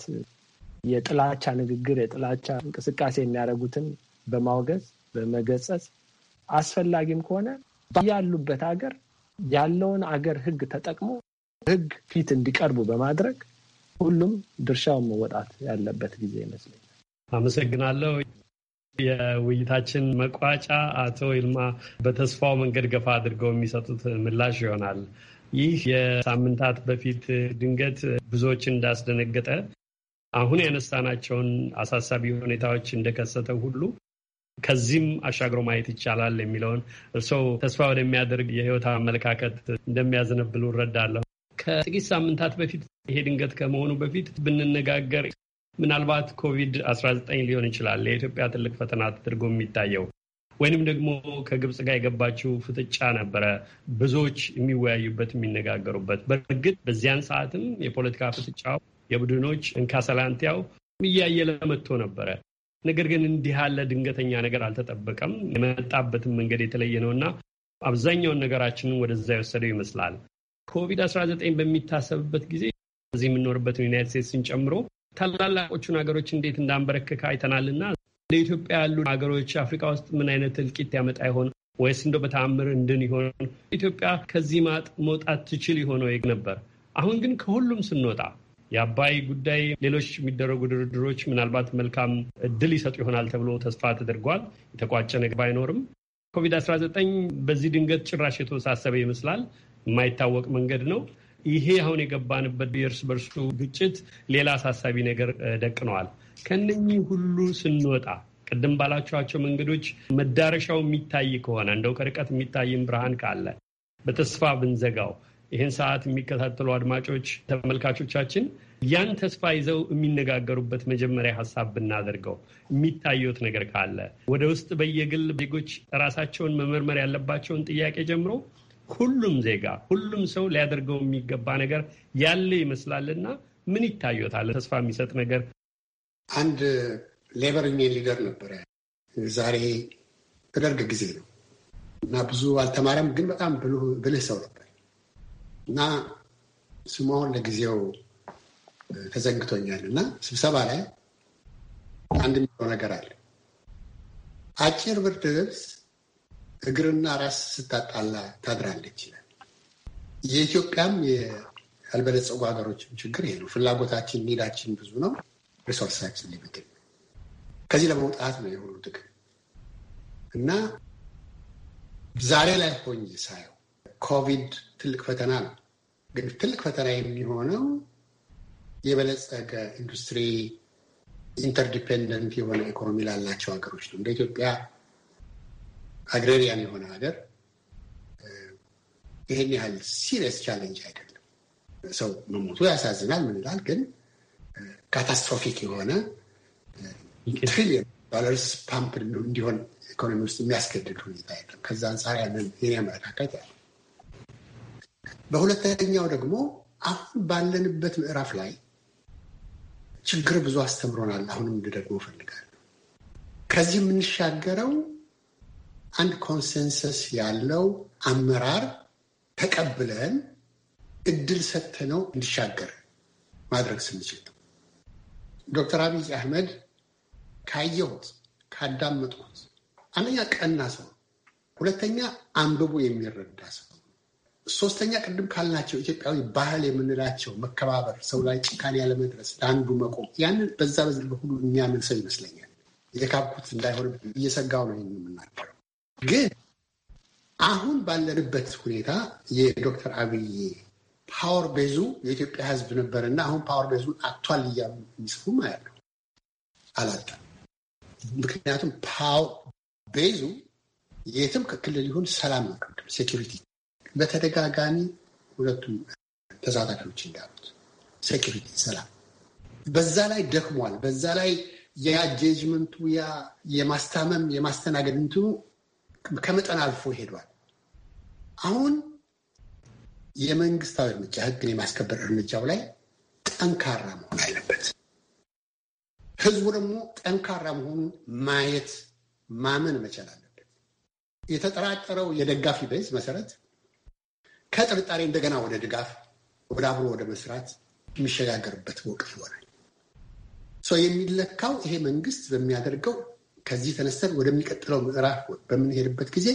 የጥላቻ ንግግር፣ የጥላቻ እንቅስቃሴ የሚያደርጉትን በማውገዝ በመገጸጽ አስፈላጊም ከሆነ ያሉበት ሀገር ያለውን አገር ህግ ተጠቅሞ ህግ ፊት እንዲቀርቡ በማድረግ ሁሉም ድርሻውን መወጣት ያለበት ጊዜ ይመስለኛል። አመሰግናለሁ። የውይይታችን መቋጫ አቶ ይልማ በተስፋው መንገድ ገፋ አድርገው የሚሰጡት ምላሽ ይሆናል። ይህ የሳምንታት በፊት ድንገት ብዙዎችን እንዳስደነገጠ አሁን ያነሳናቸውን አሳሳቢ ሁኔታዎች እንደከሰተው ሁሉ ከዚህም አሻግሮ ማየት ይቻላል የሚለውን እርስዎ ተስፋ ወደሚያደርግ የህይወት አመለካከት እንደሚያዘነብሉ እረዳለሁ። ከጥቂት ሳምንታት በፊት ይሄ ድንገት ከመሆኑ በፊት ብንነጋገር ምናልባት ኮቪድ-19 ሊሆን ይችላል ለኢትዮጵያ ትልቅ ፈተና ተደርጎ የሚታየው ወይንም ደግሞ ከግብፅ ጋር የገባችው ፍጥጫ ነበረ ብዙዎች የሚወያዩበት የሚነጋገሩበት። በእርግጥ በዚያን ሰዓትም የፖለቲካ ፍጥጫው የቡድኖች እንካሰላንቲያው እያየለ መጥቶ ነበረ። ነገር ግን እንዲህ ያለ ድንገተኛ ነገር አልተጠበቀም። የመጣበትም መንገድ የተለየ ነውና አብዛኛውን ነገራችንን ወደዛ የወሰደው ይመስላል። ኮቪድ-19 በሚታሰብበት ጊዜ እዚህ የምንኖርበትን ዩናይት ስቴትስን ጨምሮ ታላላቆቹን ሀገሮች እንዴት እንዳንበረከከ አይተናልና ለኢትዮጵያ ያሉ ሀገሮች አፍሪካ ውስጥ ምን አይነት እልቂት ያመጣ ይሆን ወይስ እንደው በተአምር እንድን ይሆን? ኢትዮጵያ ከዚህ ማጥ መውጣት ትችል የሆነው ነበር። አሁን ግን ከሁሉም ስንወጣ የአባይ ጉዳይ ሌሎች የሚደረጉ ድርድሮች ምናልባት መልካም እድል ይሰጡ ይሆናል ተብሎ ተስፋ ተደርጓል። የተቋጨ ነገር ባይኖርም ኮቪድ-19 በዚህ ድንገት ጭራሽ የተወሳሰበ ይመስላል። የማይታወቅ መንገድ ነው። ይሄ አሁን የገባንበት የእርስ በርሱ ግጭት ሌላ አሳሳቢ ነገር ደቅነዋል። ከነኚህ ሁሉ ስንወጣ ቅድም ባላችኋቸው መንገዶች መዳረሻው የሚታይ ከሆነ እንደው ከርቀት የሚታይም ብርሃን ካለ በተስፋ ብንዘጋው ይህን ሰዓት የሚከታተሉ አድማጮች ተመልካቾቻችን ያን ተስፋ ይዘው የሚነጋገሩበት መጀመሪያ ሀሳብ ብናደርገው የሚታየት ነገር ካለ ወደ ውስጥ በየግል ዜጎች ራሳቸውን መመርመር ያለባቸውን ጥያቄ ጀምሮ ሁሉም ዜጋ ሁሉም ሰው ሊያደርገው የሚገባ ነገር ያለ ይመስላልና ምን ይታየታል? ተስፋ የሚሰጥ ነገር አንድ ሌበር ዩኒየን ሊደር ነበረ። ዛሬ በደርግ ጊዜ ነው እና ብዙ አልተማረም፣ ግን በጣም ብልህ ሰው ነበር። እና ስሙ አሁን ለጊዜው ተዘንግቶኛል እና ስብሰባ ላይ አንድ የሚለው ነገር አለ። አጭር ብርድ ልብስ እግርና ራስ ስታጣላ ታድራለች ይላል። የኢትዮጵያም ያልበለጸጉ ሀገሮችም ችግር ይሄ ነው። ፍላጎታችን፣ ኒዳችን ብዙ ነው። ሪሶርሳችን ሊመግብ ከዚህ ለመውጣት ነው የሆኑ ጥቅም እና ዛሬ ላይ ሆኜ ሳየው ኮቪድ ትልቅ ፈተና ነው። ግን ትልቅ ፈተና የሚሆነው የበለጸገ ኢንዱስትሪ ኢንተርዲፔንደንት የሆነ ኢኮኖሚ ላላቸው ሀገሮች ነው። እንደ ኢትዮጵያ አግሬሪያን የሆነ ሀገር ይህን ያህል ሲሪየስ ቻለንጅ አይደለም። ሰው መሞቱ ያሳዝናል፣ ምን ይላል ግን ካታስትሮፊክ የሆነ ትሪሊየን ዶላርስ ፓምፕ እንዲሆን ኢኮኖሚ ውስጥ የሚያስገድድ ሁኔታ የለም። ከዛ አንጻር ያንን የኔ አመለካከት ያለ በሁለተኛው ደግሞ አሁን ባለንበት ምዕራፍ ላይ ችግር ብዙ አስተምሮናል። አሁንም ልደግሞ እፈልጋለሁ። ከዚህ የምንሻገረው አንድ ኮንሰንሰስ ያለው አመራር ተቀብለን እድል ሰጥተነው እንዲሻገር ማድረግ ስንችል ነው። ዶክተር አብይ አህመድ ካየሁት ካዳመጥኩት፣ አንደኛ ቀና ሰው፣ ሁለተኛ አንብቦ የሚረዳ ሰው ሶስተኛ ቅድም ካልናቸው ኢትዮጵያዊ ባህል የምንላቸው መከባበር፣ ሰው ላይ ጭካኔ ያለመድረስ፣ ለአንዱ መቆም ያንን በዛ በዚህ በሁሉ የሚያምን ሰው ይመስለኛል። የካብኩት እንዳይሆን እየሰጋው ነው የምናገረው። ግን አሁን ባለንበት ሁኔታ የዶክተር አብይ ፓወር ቤዙ የኢትዮጵያ ሕዝብ ነበር እና አሁን ፓወር ቤዙን አቷል እያሉ የሚጽፉም አያለው አላጣ ምክንያቱም ፓወር ቤዙ የትም ክልል ይሁን ሰላም ነው፣ ሴኪሪቲ በተደጋጋሚ ሁለቱም ተሳታፊዎች እንዳሉት ሴኪሪቲ፣ ሰላም በዛ ላይ ደክሟል። በዛ ላይ የአጀጅመንቱ ያ የማስታመም የማስተናገድ እንትኑ ከመጠን አልፎ ሄዷል። አሁን የመንግስታዊ እርምጃ ህግን የማስከበር እርምጃው ላይ ጠንካራ መሆን አለበት። ህዝቡ ደግሞ ጠንካራ መሆኑን ማየት ማመን መቻል አለበት። የተጠራጠረው የደጋፊ ቤዝ መሰረት ከጥርጣሬ እንደገና ወደ ድጋፍ፣ ወደ አብሮ ወደ መስራት የሚሸጋገርበት ወቅት ይሆናል። የሚለካው ይሄ መንግስት በሚያደርገው ከዚህ ተነስተን ወደሚቀጥለው ምዕራፍ በምንሄድበት ጊዜ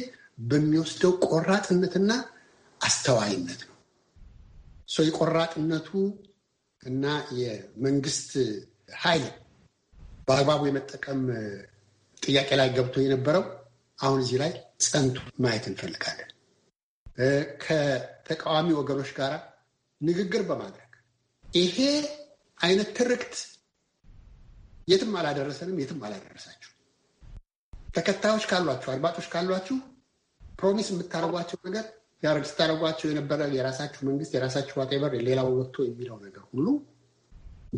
በሚወስደው ቆራጥነትና አስተዋይነት ነው። የቆራጥነቱ እና የመንግስት ኃይል በአግባቡ የመጠቀም ጥያቄ ላይ ገብቶ የነበረው አሁን እዚህ ላይ ጸንቱ ማየት እንፈልጋለን። ከተቃዋሚ ወገኖች ጋር ንግግር በማድረግ ይሄ አይነት ትርክት የትም አላደረሰንም፣ የትም አላደረሳችሁ። ተከታዮች ካሏችሁ፣ አድማጮች ካሏችሁ ፕሮሚስ የምታደርጓቸው ነገር ያረግ ስታደርጓቸው የነበረ የራሳችሁ መንግስት የራሳችሁ ዋቴበር ሌላው ወጥቶ የሚለው ነገር ሁሉ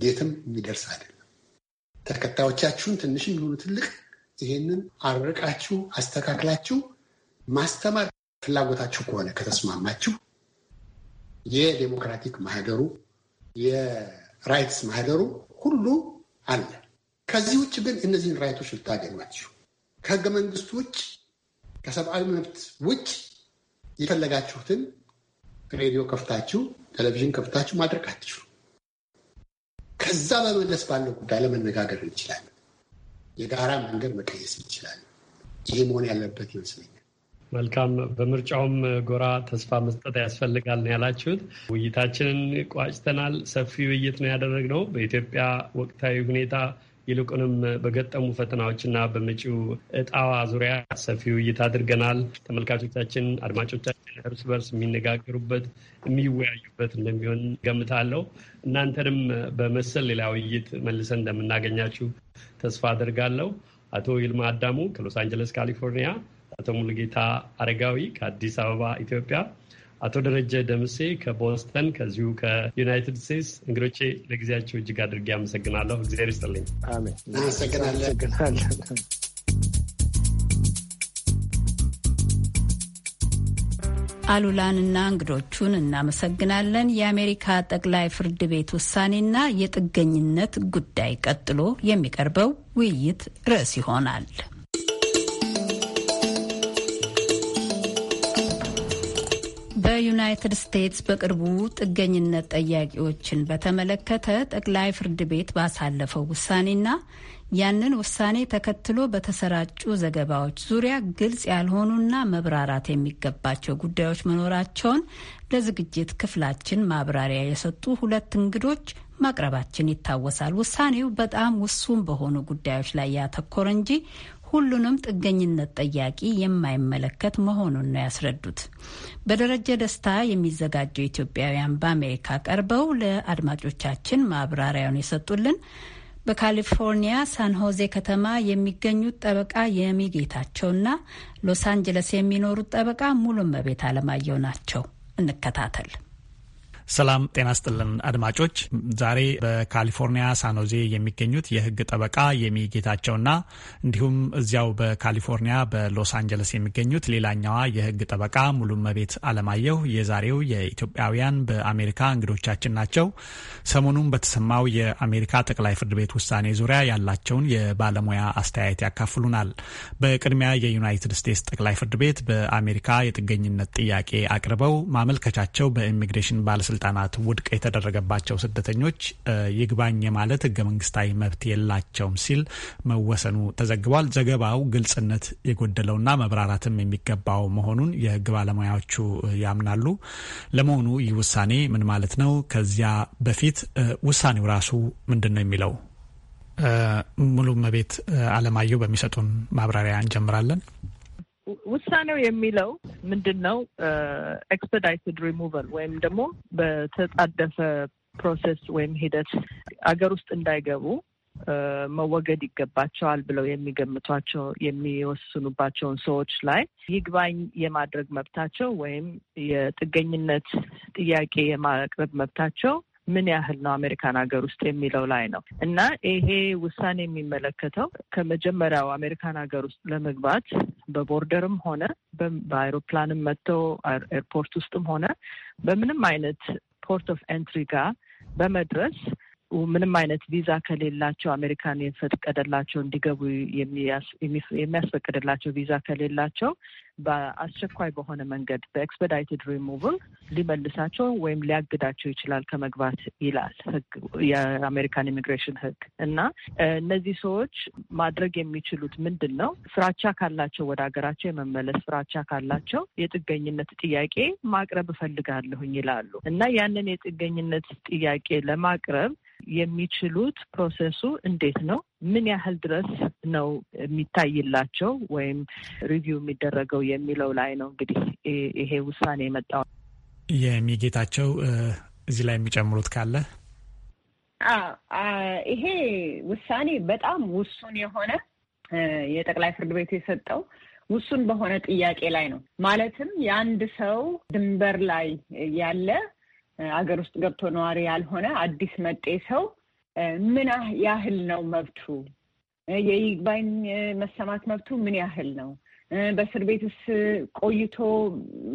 የትም የሚደርስ አይደለም። ተከታዮቻችሁን ትንሽ የሚሆኑ ትልቅ ይሄንን አርቃችሁ አስተካክላችሁ ማስተማር ፍላጎታችሁ ከሆነ ከተስማማችሁ የዴሞክራቲክ ማህደሩ የራይትስ ማህደሩ ሁሉ አለ። ከዚህ ውጭ ግን እነዚህን ራይቶች ልታገኟችሁ ከህገ መንግስቱ ውጭ ከሰብአዊ መብት ውጭ የፈለጋችሁትን ሬዲዮ ከፍታችሁ ቴሌቪዥን ከፍታችሁ ማድረግ አትችሉ። ከዛ በመለስ ባለው ጉዳይ ለመነጋገር እንችላለን። የጋራ መንገድ መቀየስ እንችላለን። ይህ መሆን ያለበት ይመስለኛል። መልካም። በምርጫውም ጎራ ተስፋ መስጠት ያስፈልጋል ነው ያላችሁት። ውይይታችንን ቋጭተናል። ሰፊ ውይይት ነው ያደረግነው በኢትዮጵያ ወቅታዊ ሁኔታ ይልቁንም በገጠሙ ፈተናዎችና በመጪው እጣዋ ዙሪያ ሰፊ ውይይት አድርገናል። ተመልካቾቻችን፣ አድማጮቻችን እርስ በርስ የሚነጋገሩበት የሚወያዩበት እንደሚሆን ገምታለሁ። እናንተንም በመሰል ሌላ ውይይት መልሰን እንደምናገኛችሁ ተስፋ አድርጋለሁ። አቶ ይልማ አዳሙ ከሎስ አንጀለስ ካሊፎርኒያ አቶ ሙሉጌታ አረጋዊ ከአዲስ አበባ ኢትዮጵያ፣ አቶ ደረጀ ደምሴ ከቦስተን ከዚሁ ከዩናይትድ ስቴትስ እንግዶቼ ለጊዜያቸው እጅግ አድርጌ አመሰግናለሁ። እግዚአብሔር ይስጥልኝ። አመሰግናለን። አሉላንና እንግዶቹን እናመሰግናለን። የአሜሪካ ጠቅላይ ፍርድ ቤት ውሳኔና የጥገኝነት ጉዳይ ቀጥሎ የሚቀርበው ውይይት ርዕስ ይሆናል። ዩናይትድ ስቴትስ በቅርቡ ጥገኝነት ጠያቂዎችን በተመለከተ ጠቅላይ ፍርድ ቤት ባሳለፈው ውሳኔና ያንን ውሳኔ ተከትሎ በተሰራጩ ዘገባዎች ዙሪያ ግልጽ ያልሆኑና መብራራት የሚገባቸው ጉዳዮች መኖራቸውን ለዝግጅት ክፍላችን ማብራሪያ የሰጡ ሁለት እንግዶች ማቅረባችን ይታወሳል። ውሳኔው በጣም ውሱን በሆኑ ጉዳዮች ላይ ያተኮረ እንጂ ሁሉንም ጥገኝነት ጠያቂ የማይመለከት መሆኑን ነው ያስረዱት። በደረጀ ደስታ የሚዘጋጁ ኢትዮጵያውያን በአሜሪካ ቀርበው ለአድማጮቻችን ማብራሪያውን የሰጡልን በካሊፎርኒያ ሳን ሆዜ ከተማ የሚገኙት ጠበቃ የሚጌታቸውና ሎስ አንጀለስ የሚኖሩት ጠበቃ ሙሉ መቤት አለማየሁ ናቸው። እንከታተል። ሰላም ጤና ስጥልን አድማጮች። ዛሬ በካሊፎርኒያ ሳኖዜ የሚገኙት የህግ ጠበቃ የሚጌታቸውና እንዲሁም እዚያው በካሊፎርኒያ በሎስ አንጀለስ የሚገኙት ሌላኛዋ የህግ ጠበቃ ሙሉመቤት አለማየሁ የዛሬው የኢትዮጵያውያን በአሜሪካ እንግዶቻችን ናቸው። ሰሞኑን በተሰማው የአሜሪካ ጠቅላይ ፍርድ ቤት ውሳኔ ዙሪያ ያላቸውን የባለሙያ አስተያየት ያካፍሉናል። በቅድሚያ የዩናይትድ ስቴትስ ጠቅላይ ፍርድ ቤት በአሜሪካ የጥገኝነት ጥያቄ አቅርበው ማመልከቻቸው በኢሚግሬሽን ባለስልጣ ባለስልጣናት ውድቅ የተደረገባቸው ስደተኞች ይግባኝ ማለት ህገ መንግስታዊ መብት የላቸውም ሲል መወሰኑ ተዘግቧል። ዘገባው ግልጽነት የጎደለውና መብራራትም የሚገባው መሆኑን የህግ ባለሙያዎቹ ያምናሉ። ለመሆኑ ይህ ውሳኔ ምን ማለት ነው? ከዚያ በፊት ውሳኔው ራሱ ምንድን ነው የሚለው ሙሉ መቤት አለማየሁ በሚሰጡን ማብራሪያ እንጀምራለን። ውሳኔው የሚለው ምንድን ነው? ኤክስፐዳይትድ ሪሙቨል ወይም ደግሞ በተጣደፈ ፕሮሰስ ወይም ሂደት አገር ውስጥ እንዳይገቡ መወገድ ይገባቸዋል ብለው የሚገምቷቸው የሚወስኑባቸውን ሰዎች ላይ ይግባኝ የማድረግ መብታቸው ወይም የጥገኝነት ጥያቄ የማቅረብ መብታቸው ምን ያህል ነው አሜሪካን ሀገር ውስጥ የሚለው ላይ ነው እና ይሄ ውሳኔ የሚመለከተው ከመጀመሪያው አሜሪካን ሀገር ውስጥ ለመግባት በቦርደርም ሆነ በአይሮፕላንም መጥተው ኤርፖርት ውስጥም ሆነ በምንም አይነት ፖርት ኦፍ ኤንትሪ ጋር በመድረስ ምንም አይነት ቪዛ ከሌላቸው አሜሪካን የፈቀደላቸው እንዲገቡ የሚያስፈቅድላቸው ቪዛ ከሌላቸው በአስቸኳይ በሆነ መንገድ በኤክስፐዳይትድ ሪሙቭል ሊመልሳቸው ወይም ሊያግዳቸው ይችላል ከመግባት ይላል ህግ፣ የአሜሪካን ኢሚግሬሽን ህግ። እና እነዚህ ሰዎች ማድረግ የሚችሉት ምንድን ነው? ፍራቻ ካላቸው ወደ ሀገራቸው የመመለስ ፍራቻ ካላቸው የጥገኝነት ጥያቄ ማቅረብ እፈልጋለሁኝ ይላሉ እና ያንን የጥገኝነት ጥያቄ ለማቅረብ የሚችሉት ፕሮሰሱ እንዴት ነው? ምን ያህል ድረስ ነው የሚታይላቸው ወይም ሪቪው የሚደረገው የሚለው ላይ ነው እንግዲህ ይሄ ውሳኔ የመጣው። የሚጌታቸው እዚህ ላይ የሚጨምሩት ካለ ይሄ ውሳኔ በጣም ውሱን የሆነ የጠቅላይ ፍርድ ቤት የሰጠው ውሱን በሆነ ጥያቄ ላይ ነው። ማለትም የአንድ ሰው ድንበር ላይ ያለ አገር ውስጥ ገብቶ ነዋሪ ያልሆነ አዲስ መጤ ሰው ምን ያህል ነው መብቱ? የይግባኝ መሰማት መብቱ ምን ያህል ነው? በእስር ቤትስ ቆይቶ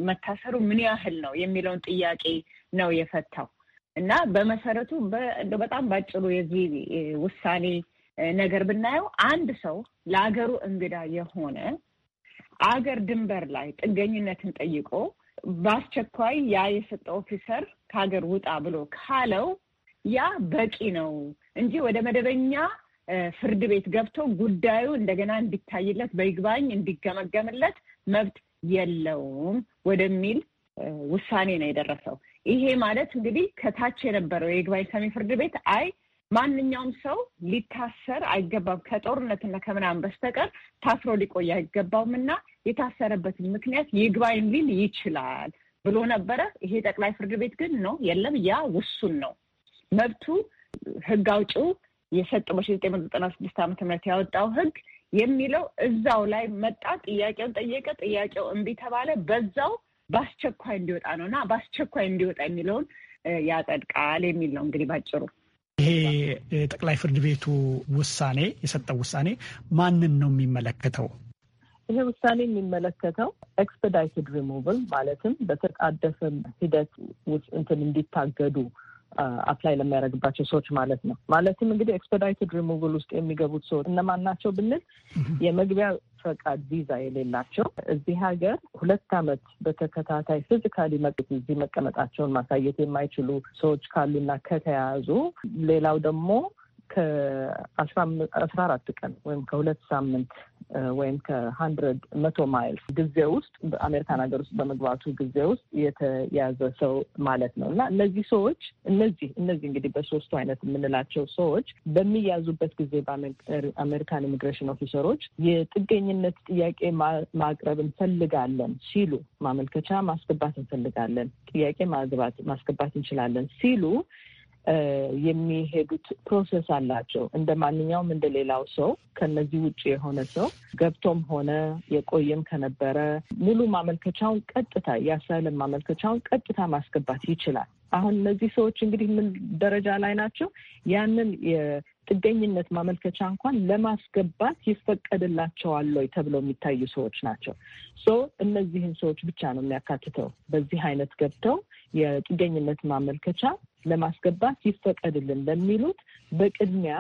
መታሰሩ ምን ያህል ነው የሚለውን ጥያቄ ነው የፈታው እና በመሰረቱ በጣም ባጭሩ የዚህ ውሳኔ ነገር ብናየው አንድ ሰው ለአገሩ እንግዳ የሆነ አገር ድንበር ላይ ጥገኝነትን ጠይቆ በአስቸኳይ ያ የሰጠ ኦፊሰር ከሀገር ውጣ ብሎ ካለው ያ በቂ ነው እንጂ ወደ መደበኛ ፍርድ ቤት ገብቶ ጉዳዩ እንደገና እንዲታይለት በይግባኝ እንዲገመገምለት መብት የለውም ወደሚል ውሳኔ ነው የደረሰው። ይሄ ማለት እንግዲህ ከታች የነበረው የይግባኝ ሰሚ ፍርድ ቤት አይ ማንኛውም ሰው ሊታሰር አይገባም ከጦርነትና ከምናምን በስተቀር ታስሮ ሊቆይ አይገባውም እና የታሰረበትን ምክንያት ይግባኝ ሊል ይችላል ብሎ ነበረ። ይሄ ጠቅላይ ፍርድ ቤት ግን ነው የለም፣ ያ ውሱን ነው መብቱ። ህግ አውጪው የሰጠው በሺ ዘጠኝ መቶ ዘጠና ስድስት ዓመተ ምህረት ያወጣው ህግ የሚለው እዛው ላይ መጣ። ጥያቄውን ጠየቀ፣ ጥያቄው እምቢ ተባለ። በዛው በአስቸኳይ እንዲወጣ ነው እና በአስቸኳይ እንዲወጣ የሚለውን ያጸድቃል የሚል ነው እንግዲህ ባጭሩ። ይሄ ጠቅላይ ፍርድ ቤቱ ውሳኔ የሰጠው ውሳኔ ማንን ነው የሚመለከተው? ይሄ ውሳኔ የሚመለከተው ኤክስፐዳይትድ ሪሙቭል ማለትም በተጣደፈ ሂደት ውስጥ እንትን እንዲታገዱ አፕላይ ለሚያደርግባቸው ሰዎች ማለት ነው። ማለትም እንግዲህ ኤክስፐዳይትድ ሪሙቭል ውስጥ የሚገቡት ሰዎች እነማን ናቸው ብንል የመግቢያ ፈቃድ ቪዛ የሌላቸው እዚህ ሀገር ሁለት ዓመት በተከታታይ ፊዚካሊ እዚህ መቀመጣቸውን ማሳየት የማይችሉ ሰዎች ካሉና ከተያያዙ ሌላው ደግሞ ከአስራ አራት ቀን ወይም ከሁለት ሳምንት ወይም ከሀንድረድ መቶ ማይልስ ጊዜ ውስጥ በአሜሪካን ሀገር ውስጥ በመግባቱ ጊዜ ውስጥ የተያዘ ሰው ማለት ነው እና እነዚህ ሰዎች እነዚህ እነዚህ እንግዲህ በሶስቱ አይነት የምንላቸው ሰዎች በሚያዙበት ጊዜ በአሜሪካን ኢሚግሬሽን ኦፊሰሮች የጥገኝነት ጥያቄ ማቅረብ እንፈልጋለን ሲሉ ማመልከቻ ማስገባት እንፈልጋለን ጥያቄ ማግባት ማስገባት እንችላለን ሲሉ የሚሄዱት ፕሮሰስ አላቸው። እንደ ማንኛውም እንደ ሌላው ሰው ከነዚህ ውጭ የሆነ ሰው ገብቶም ሆነ የቆየም ከነበረ ሙሉ ማመልከቻውን ቀጥታ የአሳይለም ማመልከቻውን ቀጥታ ማስገባት ይችላል። አሁን እነዚህ ሰዎች እንግዲህ ምን ደረጃ ላይ ናቸው? ያንን የጥገኝነት ማመልከቻ እንኳን ለማስገባት ይፈቀድላቸዋል ወይ ተብለው የሚታዩ ሰዎች ናቸው። ሶ እነዚህን ሰዎች ብቻ ነው የሚያካትተው። በዚህ አይነት ገብተው የጥገኝነት ማመልከቻ ለማስገባት ይፈቀድልን ለሚሉት በቅድሚያ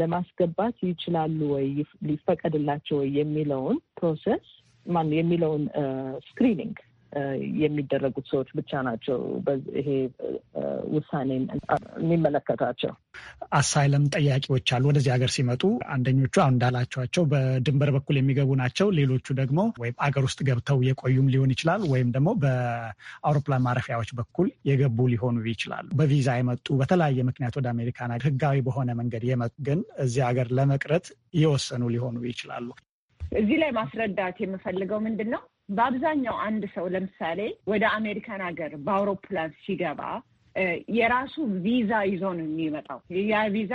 ለማስገባት ይችላሉ ወይ ሊፈቀድላቸው ወይ የሚለውን ፕሮሰስ ማን የሚለውን ስክሪኒንግ የሚደረጉት ሰዎች ብቻ ናቸው ይሄ ውሳኔ የሚመለከታቸው። አሳይለም ጠያቂዎች አሉ ወደዚህ ሀገር ሲመጡ አንደኞቹ አሁን እንዳላቸዋቸው በድንበር በኩል የሚገቡ ናቸው። ሌሎቹ ደግሞ ወይም አገር ውስጥ ገብተው የቆዩም ሊሆን ይችላል፣ ወይም ደግሞ በአውሮፕላን ማረፊያዎች በኩል የገቡ ሊሆኑ ይችላሉ። በቪዛ የመጡ በተለያየ ምክንያት ወደ አሜሪካና ህጋዊ በሆነ መንገድ የመጡ ግን እዚህ ሀገር ለመቅረት የወሰኑ ሊሆኑ ይችላሉ። እዚህ ላይ ማስረዳት የምፈልገው ምንድን ነው በአብዛኛው አንድ ሰው ለምሳሌ ወደ አሜሪካን ሀገር በአውሮፕላን ሲገባ የራሱ ቪዛ ይዞ ነው የሚመጣው። ያ ቪዛ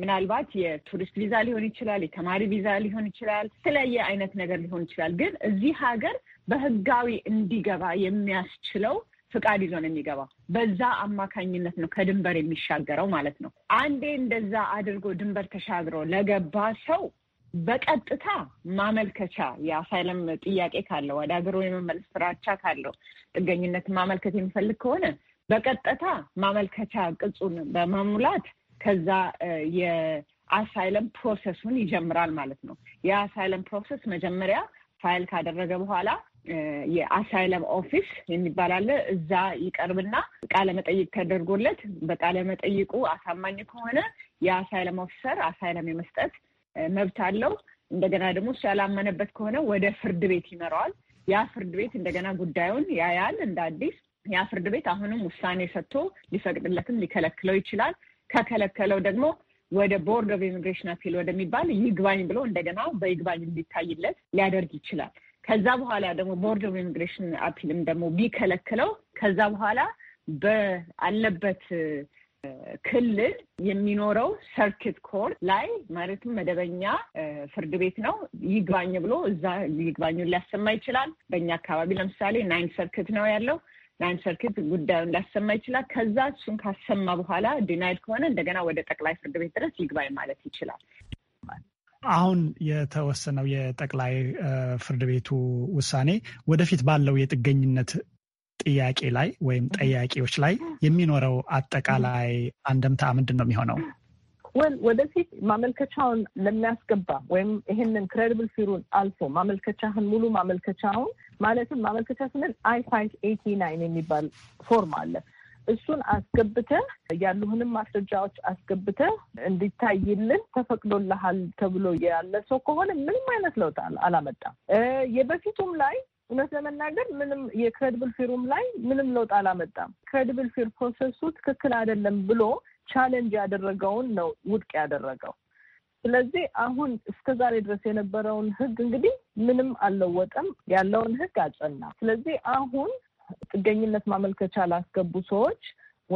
ምናልባት የቱሪስት ቪዛ ሊሆን ይችላል፣ የተማሪ ቪዛ ሊሆን ይችላል፣ የተለያየ አይነት ነገር ሊሆን ይችላል። ግን እዚህ ሀገር በህጋዊ እንዲገባ የሚያስችለው ፍቃድ ይዞ ነው የሚገባው። በዛ አማካኝነት ነው ከድንበር የሚሻገረው ማለት ነው። አንዴ እንደዛ አድርጎ ድንበር ተሻግሮ ለገባ ሰው በቀጥታ ማመልከቻ የአሳይለም ጥያቄ ካለው ወደ ሀገሩ የመመለስ ፍራቻ ካለው ጥገኝነት ማመልከት የሚፈልግ ከሆነ በቀጥታ ማመልከቻ ቅጹን በመሙላት ከዛ የአሳይለም ፕሮሰሱን ይጀምራል ማለት ነው። የአሳይለም ፕሮሰስ መጀመሪያ ፋይል ካደረገ በኋላ የአሳይለም ኦፊስ የሚባል አለ። እዛ ይቀርብና ቃለ መጠይቅ ተደርጎለት በቃለ መጠይቁ አሳማኝ ከሆነ የአሳይለም ኦፊሰር አሳይለም የመስጠት መብት አለው። እንደገና ደግሞ እሱ ያላመነበት ከሆነ ወደ ፍርድ ቤት ይመራዋል። ያ ፍርድ ቤት እንደገና ጉዳዩን ያያል እንደ አዲስ። ያ ፍርድ ቤት አሁንም ውሳኔ ሰጥቶ ሊፈቅድለትም ሊከለክለው ይችላል። ከከለከለው ደግሞ ወደ ቦርድ ኦፍ ኢሚግሬሽን አፒል ወደሚባል ይግባኝ ብሎ እንደገና በይግባኝ እንዲታይለት ሊያደርግ ይችላል። ከዛ በኋላ ደግሞ ቦርድ ኦፍ ኢሚግሬሽን አፒልም ደግሞ ቢከለክለው ከዛ በኋላ በአለበት ክልል የሚኖረው ሰርኪት ኮርት ላይ ማለትም መደበኛ ፍርድ ቤት ነው። ይግባኝ ብሎ እዛ ይግባኙን ሊያሰማ ይችላል። በእኛ አካባቢ ለምሳሌ ናይን ሰርኪት ነው ያለው። ናይን ሰርኪት ጉዳዩን ሊያሰማ ይችላል። ከዛ እሱን ካሰማ በኋላ ዲናይድ ከሆነ እንደገና ወደ ጠቅላይ ፍርድ ቤት ድረስ ይግባኝ ማለት ይችላል። አሁን የተወሰነው የጠቅላይ ፍርድ ቤቱ ውሳኔ ወደፊት ባለው የጥገኝነት ጥያቄ ላይ ወይም ጠያቂዎች ላይ የሚኖረው አጠቃላይ አንደምታ ምንድን ነው የሚሆነው? ወል ወደፊት ማመልከቻውን ለሚያስገባ ወይም ይህንን ክሬዲብል ፊሩን አልፎ ማመልከቻህን ሙሉ ማመልከቻውን ማለትም ማመልከቻ ስንል አይ ፋይቭ ኤቲ ናይን የሚባል ፎርም አለ። እሱን አስገብተህ ያሉህንም ማስረጃዎች አስገብተህ እንዲታይልን ተፈቅዶልሃል ተብሎ ያለ ሰው ከሆነ ምንም አይነት ለውጥ አላመጣም። የበፊቱም ላይ እውነት ለመናገር ምንም የክሬዲብል ፊሩም ላይ ምንም ለውጥ አላመጣም። ክሬዲብል ፊር ፕሮሰሱ ትክክል አይደለም ብሎ ቻለንጅ ያደረገውን ነው ውድቅ ያደረገው። ስለዚህ አሁን እስከ ዛሬ ድረስ የነበረውን ህግ እንግዲህ ምንም አልለወጠም፣ ያለውን ህግ አጸና። ስለዚህ አሁን ጥገኝነት ማመልከቻ ላስገቡ ሰዎች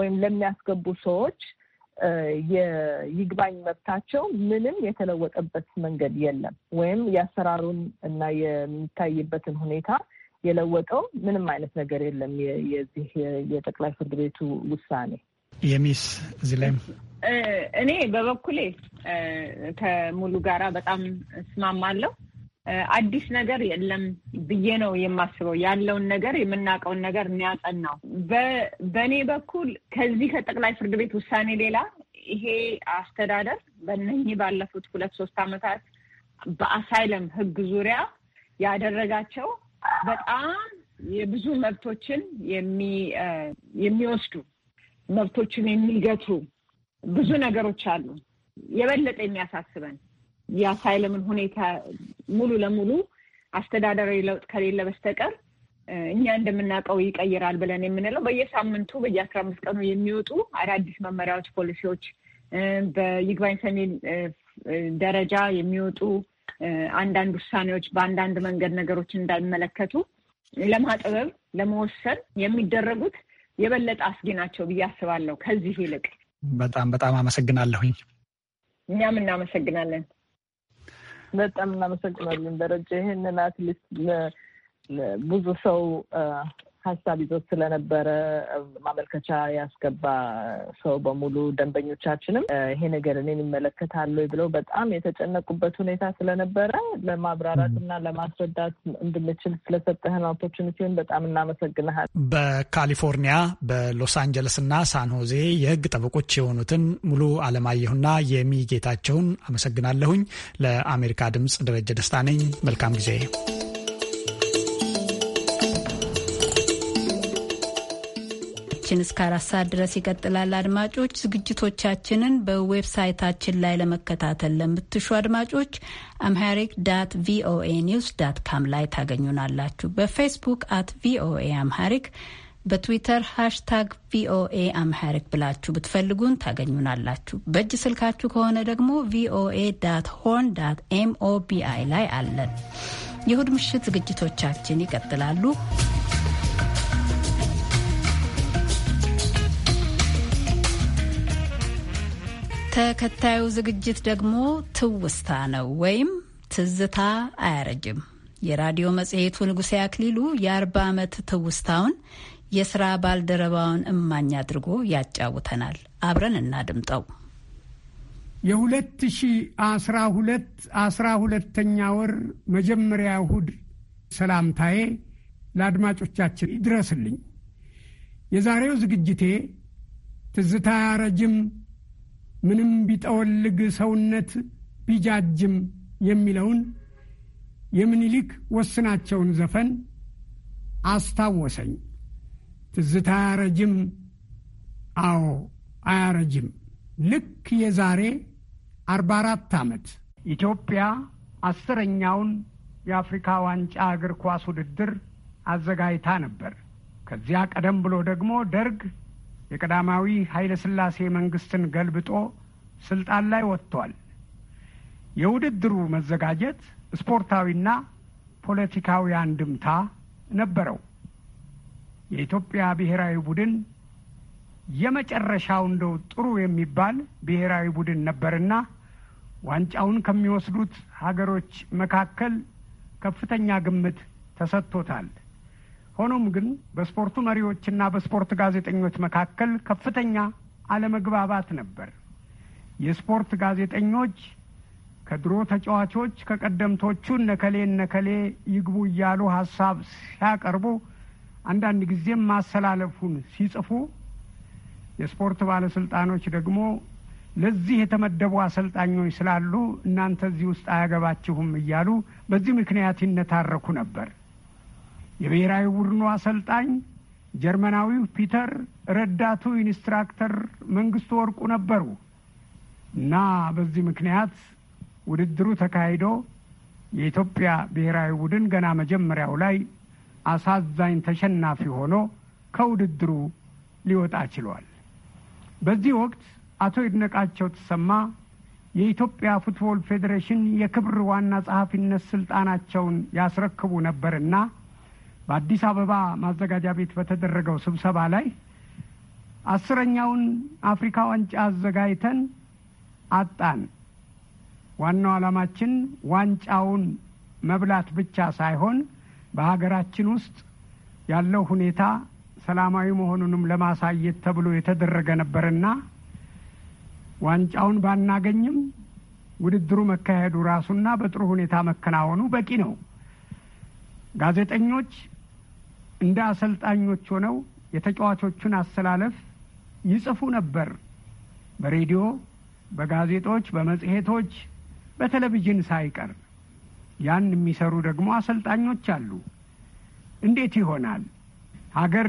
ወይም ለሚያስገቡ ሰዎች የይግባኝ መብታቸው ምንም የተለወጠበት መንገድ የለም። ወይም የአሰራሩን እና የሚታይበትን ሁኔታ የለወጠው ምንም አይነት ነገር የለም። የዚህ የጠቅላይ ፍርድ ቤቱ ውሳኔ የሚስ እዚህ ላይም እኔ በበኩሌ ከሙሉ ጋራ በጣም እስማማለሁ። አዲስ ነገር የለም ብዬ ነው የማስበው። ያለውን ነገር የምናውቀውን ነገር የሚያጠናው በእኔ በኩል ከዚህ ከጠቅላይ ፍርድ ቤት ውሳኔ ሌላ ይሄ አስተዳደር በእነኚህ ባለፉት ሁለት ሶስት ዓመታት በአሳይለም ህግ ዙሪያ ያደረጋቸው በጣም የብዙ መብቶችን የሚወስዱ መብቶችን የሚገቱ ብዙ ነገሮች አሉ። የበለጠ የሚያሳስበን የአሳይለምን ሁኔታ ሙሉ ለሙሉ አስተዳደራዊ ለውጥ ከሌለ በስተቀር እኛ እንደምናውቀው ይቀይራል ብለን የምንለው በየሳምንቱ በየአስራ አምስት ቀኑ የሚወጡ አዳዲስ መመሪያዎች፣ ፖሊሲዎች በይግባኝ ሰሚ ደረጃ የሚወጡ አንዳንድ ውሳኔዎች በአንዳንድ መንገድ ነገሮችን እንዳይመለከቱ ለማጥበብ ለመወሰን የሚደረጉት የበለጠ አስጊ ናቸው ብዬ አስባለሁ። ከዚህ ይልቅ በጣም በጣም አመሰግናለሁኝ። እኛም እናመሰግናለን። በጣም እናመሰግናለን ደረጃ ይህንን አትሊስት ብዙ ሰው ሀሳብ ይዞት ስለነበረ ማመልከቻ ያስገባ ሰው በሙሉ ደንበኞቻችንም ይሄ ነገር እኔን ይመለከታሉ ብለው በጣም የተጨነቁበት ሁኔታ ስለነበረ ለማብራራት እና ለማስረዳት እንድንችል ስለሰጠህን ኦፖርቹኒቲውን በጣም እናመሰግንሃል። በካሊፎርኒያ በሎስ አንጀለስ እና ሳንሆዜ የህግ ጠበቆች የሆኑትን ሙሉ አለማየሁና የሚ ጌታቸውን አመሰግናለሁኝ። ለአሜሪካ ድምፅ ደረጀ ደስታ ነኝ። መልካም ጊዜ ዝግጅታችን እስከ አራት ሰዓት ድረስ ይቀጥላል። አድማጮች ዝግጅቶቻችንን በዌብሳይታችን ላይ ለመከታተል ለምትሹ አድማጮች አምሃሪክ ዳት ቪኦኤ ኒውስ ዳት ካም ላይ ታገኙናላችሁ። በፌስቡክ አት ቪኦኤ አምሃሪክ፣ በትዊተር ሃሽታግ ቪኦኤ አምሃሪክ ብላችሁ ብትፈልጉን ታገኙናላችሁ። በእጅ ስልካችሁ ከሆነ ደግሞ ቪኦኤ ዳት ሆርን ዳት ኤምኦቢአይ ላይ አለን። የእሁድ ምሽት ዝግጅቶቻችን ይቀጥላሉ። ተከታዩ ዝግጅት ደግሞ ትውስታ ነው ወይም ትዝታ አያረጅም። የራዲዮ መጽሔቱ ንጉሴ አክሊሉ የአርባ ዓመት ትውስታውን የስራ ባልደረባውን እማኝ አድርጎ ያጫውተናል። አብረን እናድምጠው። የሁለት ሺ አስራ ሁለት አስራ ሁለተኛ ወር መጀመሪያ እሁድ ሰላምታዬ ለአድማጮቻችን ይድረስልኝ። የዛሬው ዝግጅቴ ትዝታ አያረጅም ምንም ቢጠወልግ ሰውነት ቢጃጅም የሚለውን የምኒልክ ወስናቸውን ዘፈን አስታወሰኝ። ትዝታ አያረጅም፣ አዎ አያረጅም። ልክ የዛሬ አርባ አራት ዓመት ኢትዮጵያ አስረኛውን የአፍሪካ ዋንጫ እግር ኳስ ውድድር አዘጋጅታ ነበር። ከዚያ ቀደም ብሎ ደግሞ ደርግ የቀዳማዊ ኃይለ ሥላሴ መንግስትን ገልብጦ ስልጣን ላይ ወጥቷል። የውድድሩ መዘጋጀት ስፖርታዊና ፖለቲካዊ አንድምታ ነበረው። የኢትዮጵያ ብሔራዊ ቡድን የመጨረሻው እንደው ጥሩ የሚባል ብሔራዊ ቡድን ነበርና ዋንጫውን ከሚወስዱት ሀገሮች መካከል ከፍተኛ ግምት ተሰጥቶታል። ሆኖም ግን በስፖርቱ መሪዎችና በስፖርት ጋዜጠኞች መካከል ከፍተኛ አለመግባባት ነበር። የስፖርት ጋዜጠኞች ከድሮ ተጫዋቾች ከቀደምቶቹ ነከሌ ነከሌ ይግቡ እያሉ ሀሳብ ሲያቀርቡ፣ አንዳንድ ጊዜም ማሰላለፉን ሲጽፉ፣ የስፖርት ባለስልጣኖች ደግሞ ለዚህ የተመደቡ አሰልጣኞች ስላሉ እናንተ እዚህ ውስጥ አያገባችሁም እያሉ በዚህ ምክንያት ይነታረኩ ነበር። የብሔራዊ ቡድኑ አሰልጣኝ ጀርመናዊው ፒተር፣ ረዳቱ ኢንስትራክተር መንግስቱ ወርቁ ነበሩ እና በዚህ ምክንያት ውድድሩ ተካሂዶ የኢትዮጵያ ብሔራዊ ቡድን ገና መጀመሪያው ላይ አሳዛኝ ተሸናፊ ሆኖ ከውድድሩ ሊወጣ ችሏል። በዚህ ወቅት አቶ ይድነቃቸው ተሰማ የኢትዮጵያ ፉትቦል ፌዴሬሽን የክብር ዋና ጸሐፊነት ስልጣናቸውን ያስረክቡ ነበርና በአዲስ አበባ ማዘጋጃ ቤት በተደረገው ስብሰባ ላይ አስረኛውን አፍሪካ ዋንጫ አዘጋጅተን አጣን። ዋናው ዓላማችን ዋንጫውን መብላት ብቻ ሳይሆን በሀገራችን ውስጥ ያለው ሁኔታ ሰላማዊ መሆኑንም ለማሳየት ተብሎ የተደረገ ነበርና ዋንጫውን ባናገኝም ውድድሩ መካሄዱ ራሱና በጥሩ ሁኔታ መከናወኑ በቂ ነው። ጋዜጠኞች እንደ አሰልጣኞች ሆነው የተጫዋቾቹን አሰላለፍ ይጽፉ ነበር። በሬዲዮ፣ በጋዜጦች፣ በመጽሔቶች፣ በቴሌቪዥን ሳይቀር ያን የሚሰሩ ደግሞ አሰልጣኞች አሉ። እንዴት ይሆናል ሀገር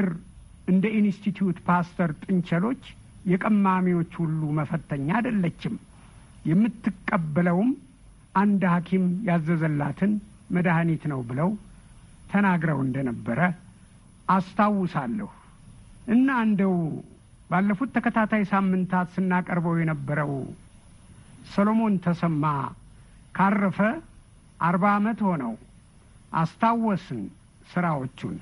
እንደ ኢንስቲትዩት ፓስተር ጥንቸሎች የቀማሚዎች ሁሉ መፈተኛ አይደለችም። የምትቀበለውም አንድ ሐኪም ያዘዘላትን መድኃኒት ነው ብለው ተናግረው እንደነበረ አስታውሳለሁ እና እንደው ባለፉት ተከታታይ ሳምንታት ስናቀርበው የነበረው ሰሎሞን ተሰማ ካረፈ አርባ ዓመት ሆነው አስታወስን ስራዎቹን።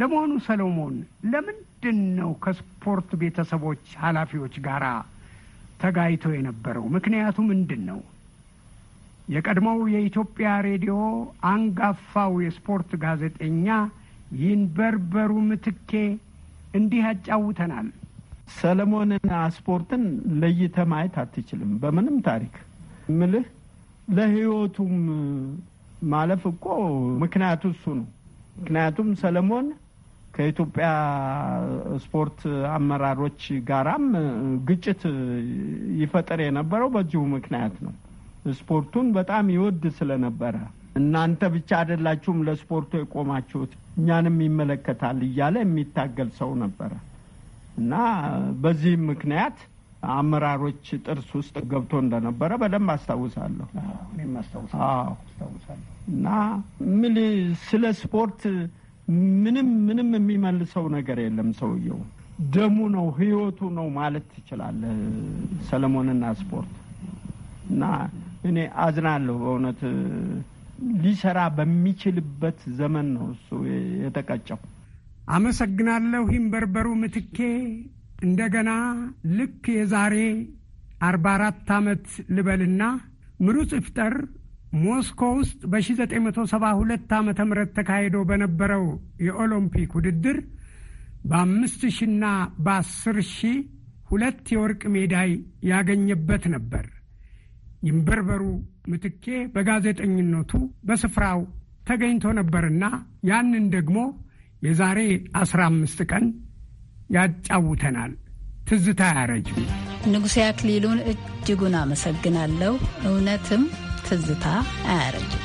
ለመሆኑ ሰሎሞን ለምንድን ነው ከስፖርት ቤተሰቦች ኃላፊዎች ጋር ተጋይቶ የነበረው? ምክንያቱ ምንድን ነው? የቀድሞው የኢትዮጵያ ሬዲዮ አንጋፋው የስፖርት ጋዜጠኛ ይንበርበሩ ምትኬ እንዲህ ያጫውተናል። ሰለሞንና አስፖርትን ለይተ ማየት አትችልም። በምንም ታሪክ ምልህ ለህይወቱም ማለፍ እኮ ምክንያቱ እሱ ነው። ምክንያቱም ሰለሞን ከኢትዮጵያ ስፖርት አመራሮች ጋራም ግጭት ይፈጠር የነበረው በዚሁ ምክንያት ነው። ስፖርቱን በጣም ይወድ ስለነበረ እናንተ ብቻ አይደላችሁም ለስፖርቱ የቆማችሁት እኛንም ይመለከታል እያለ የሚታገል ሰው ነበረ እና በዚህም ምክንያት አመራሮች ጥርስ ውስጥ ገብቶ እንደነበረ በደንብ አስታውሳለሁ። እና ምን ስለ ስፖርት ምንም ምንም የሚመልሰው ነገር የለም። ሰውየው ደሙ ነው፣ ህይወቱ ነው ማለት ትችላለህ። ሰለሞንና ስፖርት እና እኔ አዝናለሁ በእውነት ሊሰራ በሚችልበት ዘመን ነው እሱ የተቀጨው። አመሰግናለሁ። ይምበርበሩ ምትኬ እንደገና ልክ የዛሬ አርባ አራት ዓመት ልበልና ምሩፅ ይፍጠር ሞስኮ ውስጥ በ1972 ዓ ም ተካሂዶ በነበረው የኦሎምፒክ ውድድር በአምስት ሺና በአስር ሺህ ሁለት የወርቅ ሜዳይ ያገኘበት ነበር። ይምበርበሩ ምትኬ በጋዜጠኝነቱ በስፍራው ተገኝቶ ነበርና ያንን ደግሞ የዛሬ አስራ አምስት ቀን ያጫውተናል። ትዝታ ያረጅ ንጉሴ አክሊሉን እጅጉን አመሰግናለሁ። እውነትም ትዝታ አያረጅም።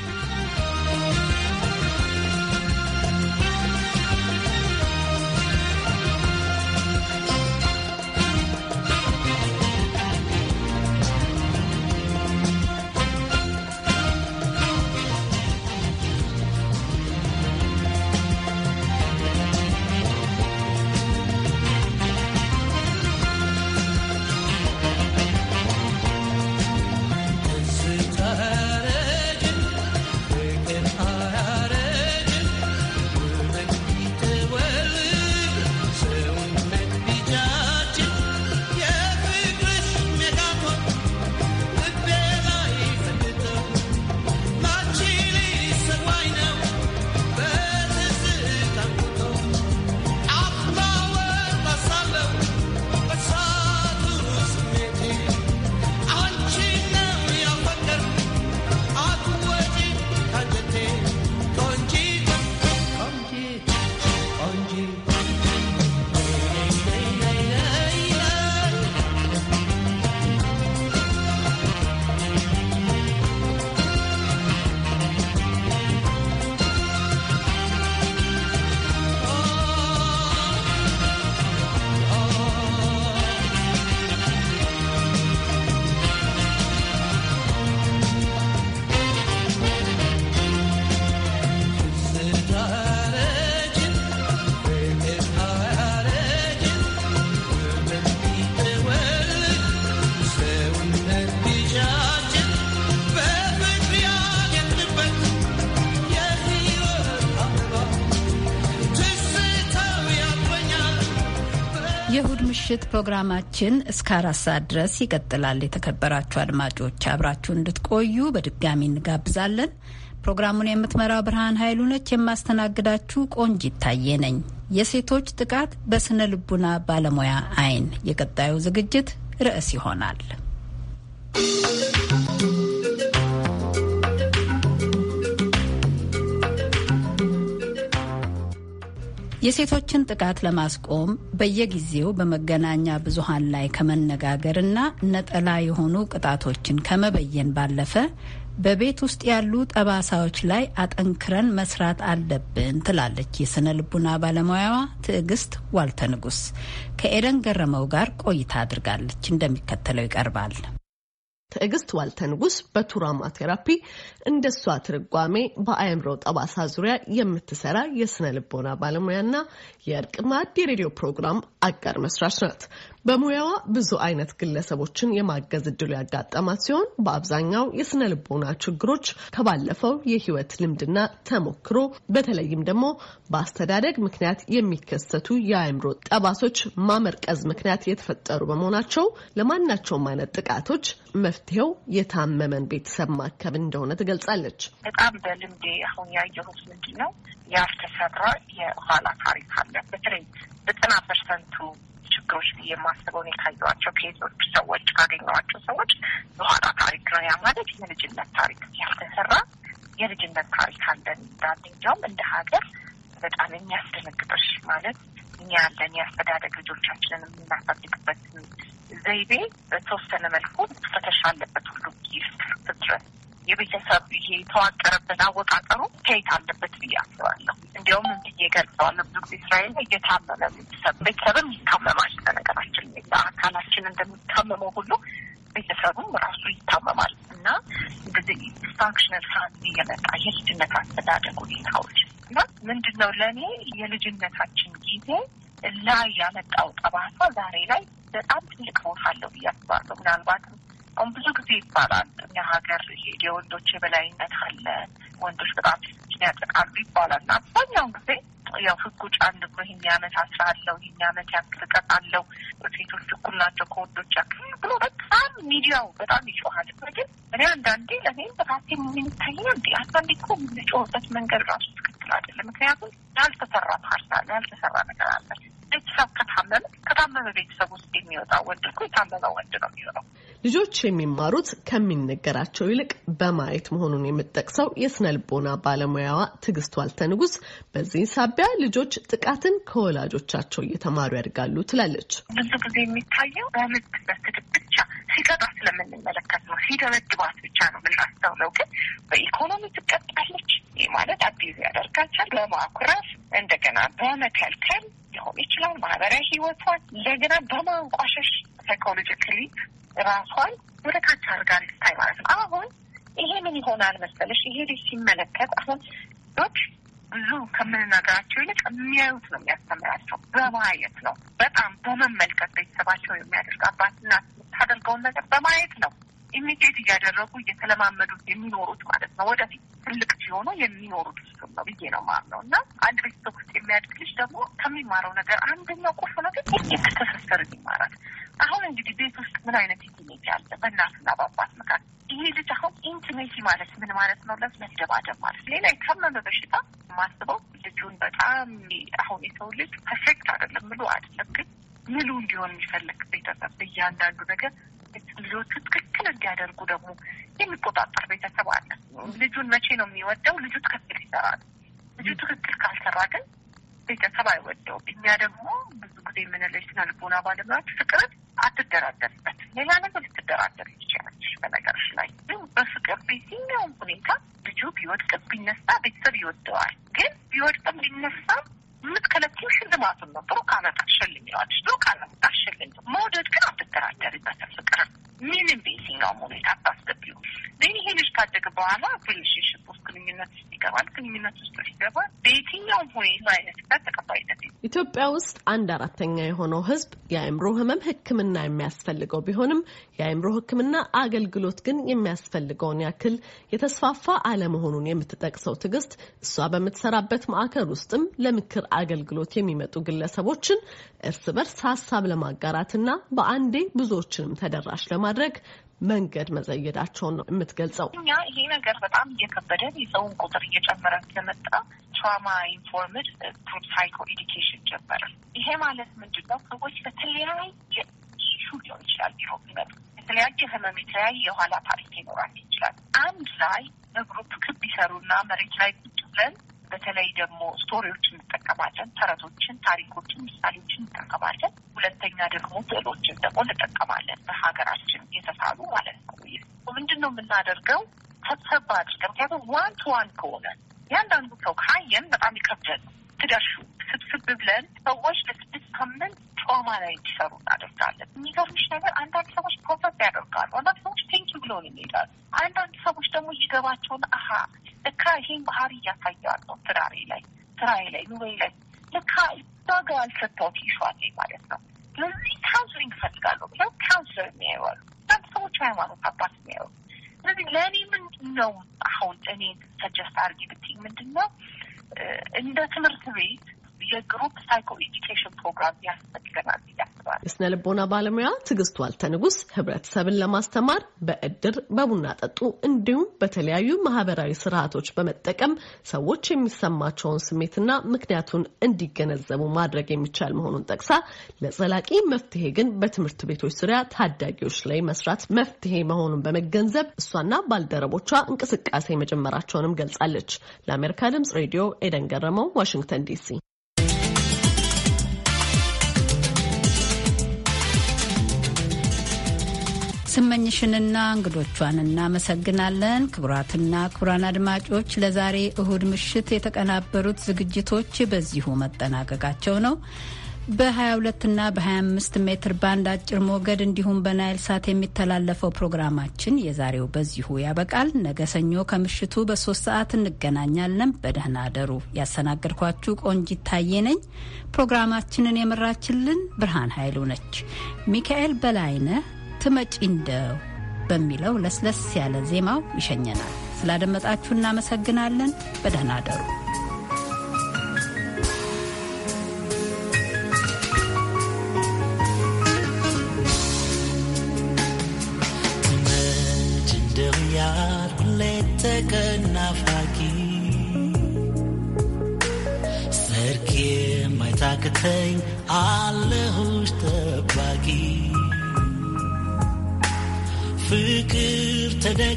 ምሽት ፕሮግራማችን እስከ አራት ሰዓት ድረስ ይቀጥላል። የተከበራችሁ አድማጮች አብራችሁ እንድትቆዩ በድጋሚ እንጋብዛለን። ፕሮግራሙን የምትመራው ብርሃን ኃይሉ ነች። የማስተናግዳችሁ ቆንጅ ይታየ ነኝ። የሴቶች ጥቃት በስነ ልቡና ባለሙያ አይን የቀጣዩ ዝግጅት ርዕስ ይሆናል። የሴቶችን ጥቃት ለማስቆም በየጊዜው በመገናኛ ብዙሃን ላይ ከመነጋገርና ነጠላ የሆኑ ቅጣቶችን ከመበየን ባለፈ በቤት ውስጥ ያሉ ጠባሳዎች ላይ አጠንክረን መስራት አለብን ትላለች የስነ ልቡና ባለሙያዋ ትዕግስት ዋልተ ንጉስ። ከኤደን ገረመው ጋር ቆይታ አድርጋለች፣ እንደሚከተለው ይቀርባል። ትዕግስት ዋልተ ንጉስ በቱራማ ቴራፒ እንደሷ ትርጓሜ በአእምሮ ጠባሳ ዙሪያ የምትሰራ የስነ ልቦና ባለሙያና የእርቅ ማዕድ የሬዲዮ ፕሮግራም አጋር መስራች ናት። በሙያዋ ብዙ አይነት ግለሰቦችን የማገዝ እድሉ ያጋጠማት ሲሆን በአብዛኛው የስነ ልቦና ችግሮች ከባለፈው የህይወት ልምድና ተሞክሮ በተለይም ደግሞ በአስተዳደግ ምክንያት የሚከሰቱ የአእምሮ ጠባሶች ማመርቀዝ ምክንያት የተፈጠሩ በመሆናቸው ለማናቸውም አይነት ጥቃቶች መፍትሄው የታመመን ቤተሰብ ማከብ እንደሆነ ትገልጻለች። በጣም በልምዴ አሁን ያየሁት ምንድን ነው ያልተሰራ የኋላ ታሪክ አለ። በተለይ ዘጠና ፐርሰንቱ ችግሮች ብዬ የማስበው እኔ ካየኋቸው ከሄዞች ሰዎች ካገኘኋቸው ሰዎች በኋላ ታሪክ ነው። ያ ማለት የልጅነት ታሪክ ያልተሰራ የልጅነት ታሪክ አለን እንዳንኛውም እንደ ሀገር በጣም የሚያስደነግጦች ማለት እኛ ያለን የአስተዳደግ ልጆቻችንን የምናሳድግበት ዘይቤ በተወሰነ መልኩ ፈተሻ አለበት ሁሉ ጊዜ ስትድረስ የቤተሰብ ይሄ የተዋቀረበት አወቃቀሩ ከየት አለበት ብዬ አስባለሁ። እንዲያውም ብዬ ገልጸዋለሁ። ብዙ ጊዜ እስራኤል እየታመመ ቤተሰብ ቤተሰብም ይታመማል። በነገራችን በአካላችን እንደሚታመመው ሁሉ ቤተሰቡም ራሱ ይታመማል እና እንግዲህ ዲስፋንክሽናል ፋሚሊ እየመጣ የልጅነት አስተዳደግ ሁኔታዎች እና ምንድን ነው ለእኔ የልጅነታችን ጊዜ ላይ ያመጣው ጠባሳ ዛሬ ላይ በጣም ትልቅ ቦታ አለው ብዬ አስባለሁ ምናልባትም አሁን ብዙ ጊዜ ይባላል እኛ ሀገር ይሄ የወንዶች የበላይነት አለ፣ ወንዶች በጣም ሴቶችን ያጠቃሉ ይባላል። እና አብዛኛውን ጊዜ ያው ህጉ ጫን ብሎ ይህን ያመት አስራ አለው ይህን ያመት ያክል ቀን አለው ሴቶች እኩል ናቸው ከወንዶች ያክል ብሎ በጣም ሚዲያው በጣም ይጮሃል። ግን እኔ አንዳንዴ ለእኔም በራሴ እንዲ አንዳንዴ እኮ የምንጮህበት መንገድ ራሱ ትክክል አይደለም። ምክንያቱም ያልተሰራ ፓርታ ያልተሰራ ነገር አለ። ቤተሰብ ከታመመ ከታመመ ቤተሰብ ውስጥ የሚወጣ ወንድ እኮ የታመመ ወንድ ነው የሚሆነው። ልጆች የሚማሩት ከሚነገራቸው ይልቅ በማየት መሆኑን የምጠቅሰው የስነልቦና ባለሙያዋ ትዕግስት ዋልተ ንጉስ በዚህ ሳቢያ ልጆች ጥቃትን ከወላጆቻቸው እየተማሩ ያድጋሉ ትላለች። ብዙ ጊዜ የሚታየው በምት በስድብ ብቻ ሲቀጣ ስለምንመለከት ነው። ሲደበድባት ብቻ ነው የምናስተውለው። ግን በኢኮኖሚ ትቀጣለች ማለት አቢዝ ያደርጋቻል፣ በማኩረፍ እንደገና በመከልከል ሊሆን ይችላል ማህበራዊ ህይወቷን እንደገና በማንቋሸሽ ሳይኮሎጂካሊ ራሷን ወደ ታች አድርጋ ልታይ ማለት ነው። አሁን ይሄ ምን ይሆናል መሰለሽ ይሄ ልጅ ሲመለከት አሁን ዶች ብዙ ከምንነገራቸው ይልቅ የሚያዩት ነው የሚያስተምራቸው። በማየት ነው በጣም በመመልከት ቤተሰባቸው የሚያደርግ አባትና የምታደርገውን ነገር በማየት ነው ኢሚቴት እያደረጉ እየተለማመዱት የሚኖሩት ማለት ነው። ወደፊት ትልቅ ሲሆኑ የሚኖሩት እሱን ነው ብዬ ነው ማለት እና አንድ ከሚማረው ነገር አንደኛው ቁልፍ ነገር የግድ ይማራል። አሁን እንግዲህ ቤት ውስጥ ምን አይነት ኢንቲሜሲ አለ? በእናትና በአባት መካከል ይሄ ልጅ አሁን ኢንቲሜሲ ማለት ምን ማለት ነው? ለፍ መደባደብ ማለት ሌላ የታመመ በሽታ ማስበው ልጁን በጣም አሁን የሰው ልጅ ፐርፌክት አይደለም ምሉ አይደለም፣ ግን ምሉ እንዲሆን የሚፈልግ ቤተሰብ እያንዳንዱ ነገር ልጆቹ ትክክል እንዲያደርጉ ደግሞ የሚቆጣጠር ቤተሰብ አለ። ልጁን መቼ ነው የሚወደው? ልጁ ትክክል ይሰራል። ልጁ ትክክል ካልሰራ ግን ቤተሰብ አይወደውም። እኛ ደግሞ ብዙ ጊዜ የምንለች ስነ ልቦና ባለሙያዎች ፍቅርን አትደራደርበት፣ ሌላ ነገር ልትደራደር ይችላች በነገሮች ላይ ግን በፍቅር በየትኛውም ሁኔታ ልጁ ቢወድቅ ቢነሳ ቤተሰብ ይወደዋል። ኢትዮጵያ ውስጥ አንድ አራተኛ የሆነው ሕዝብ የአእምሮ ህመም ሕክምና የሚያስፈልገው ቢሆንም የአእምሮ ሕክምና አገልግሎት ግን የሚያስፈልገውን ያክል የተስፋፋ አለመሆኑን የምትጠቅሰው ትዕግስት እሷ በምትሰራበት ማዕከል ውስጥም ለምክር አገልግሎት የሚመጡ ግለሰቦችን እርስ በርስ ሀሳብ ለማጋራትና በአንዴ ብዙዎችንም ተደራሽ ለማድረግ መንገድ መዘየዳቸውን ነው የምትገልጸው። እኛ ይሄ ነገር በጣም እየከበደን የሰውን ቁጥር እየጨመረ ስለመጣ ትራማ ኢንፎርምድ ግሩፕ ሳይኮ ኤዲኬሽን ጀመረ። ይሄ ማለት ምንድን ነው? ሰዎች በተለያየ ሹ ሊሆን ይችላል ቢሮ ሚመጡ የተለያየ ህመም፣ የተለያየ የኋላ ታሪክ ሊኖራቸው ይችላል። አንድ ላይ በግሩፕ ክብ ይሰሩና መሬት ላይ ቁጭ ብለን በተለይ ደግሞ ስቶሪዎችን እንጠቀማለን። ተረቶችን፣ ታሪኮችን፣ ምሳሌዎችን እንጠቀማለን። ሁለተኛ ደግሞ ስዕሎችን ደግሞ እንጠቀማለን። በሀገራችን የተሳሉ ማለት ነው። ምንድን ነው የምናደርገው? ሰብሰብ አድርገን ምክንያቱም ዋን ቱ ዋን ከሆነ ያንዳንዱ ሰው ካየን በጣም ይከብደል ትደርሹ ስብስብ ብለን ሰዎች ለስድስት ሳምንት ጮማ ላይ እንዲሰሩ እናደርጋለን። የሚገርምሽ ነገር አንዳንድ ሰዎች ፕሮሰስ ያደርጋሉ፣ አንዳንድ ሰዎች ቴንኪ ብለውን ይሄዳሉ። አንዳንድ ሰዎች ደግሞ እየገባቸውን አሀ ለካ ይሄን ባህሪ እያሳያል ነው ስራሬ ላይ ስራዬ ላይ ኑበይ ላይ ልካ እዛ ጋር ያልሰታሁት ይሸዋል ማለት ነው። ስለዚህ ካውንስሊንግ እፈልጋለሁ ብለው ካውንስለር የሚያዩዋሉ እናንተ ሰዎች ሃይማኖት አባት የሚያዩ ስለዚህ ለእኔ ምንድን ነው አሁን እኔ ሰጀስት አድርጊ ብትይ ምንድን ነው እንደ ትምህርት ቤት የግሩፕ ሳይኮ ኤዱኬሽን ፕሮግራም ያስፈልገናል ይላል። ተናግረዋል። የስነ ልቦና ባለሙያ ዋልተ ንጉስ ህብረተሰብን ለማስተማር በእድር በቡና ጠጡ እንዲሁም በተለያዩ ማህበራዊ ስርዓቶች በመጠቀም ሰዎች የሚሰማቸውን ስሜትና ምክንያቱን እንዲገነዘቡ ማድረግ የሚቻል መሆኑን ጠቅሳ ለዘላቂ መፍትሄ ግን በትምህርት ቤቶች ዙሪያ ታዳጊዎች ላይ መስራት መፍትሄ መሆኑን በመገንዘብ እሷና ባልደረቦቿ እንቅስቃሴ መጀመራቸውንም ገልጻለች። ለአሜሪካ ድምጽ ሬዲዮ ኤደን ገረመው ዋሽንግተን ዲሲ ስመኝሽንና እንግዶቿን እናመሰግናለን። ክቡራትና ክቡራን አድማጮች ለዛሬ እሁድ ምሽት የተቀናበሩት ዝግጅቶች በዚሁ መጠናቀቃቸው ነው። በ22 እና በ25 ሜትር ባንድ አጭር ሞገድ እንዲሁም በናይል ሳት የሚተላለፈው ፕሮግራማችን የዛሬው በዚሁ ያበቃል። ነገ ሰኞ ከምሽቱ በሶስት ሰዓት እንገናኛለን። በደህና አደሩ። ያስተናገድኳችሁ ቆንጂት ታዬ ነኝ። ፕሮግራማችንን የመራችልን ብርሃን ኃይሉ ነች። ሚካኤል በላይነህ ትመጪ እንደው በሚለው ለስለስ ያለ ዜማው ይሸኘናል። ስላደመጣችሁ እናመሰግናለን። በደህና አደሩ።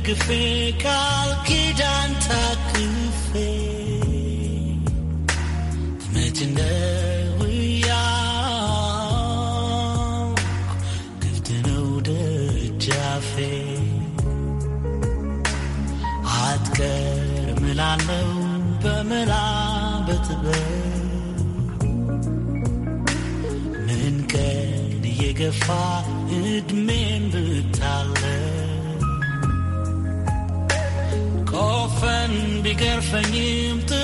ደግፌ ቃል ኪዳን ታክፌ እመት ነው ያው ክፍት ነው ደጃፌ አትቀርም እላለው በምላ በትበል ምን ቀን እየገፋ እድሜን ብት garfanhenta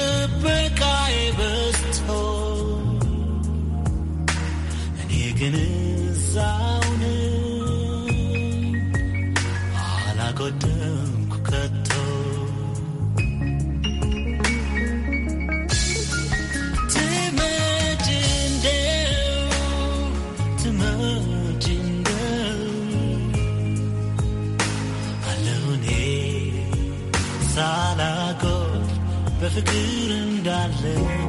forgotten, darling.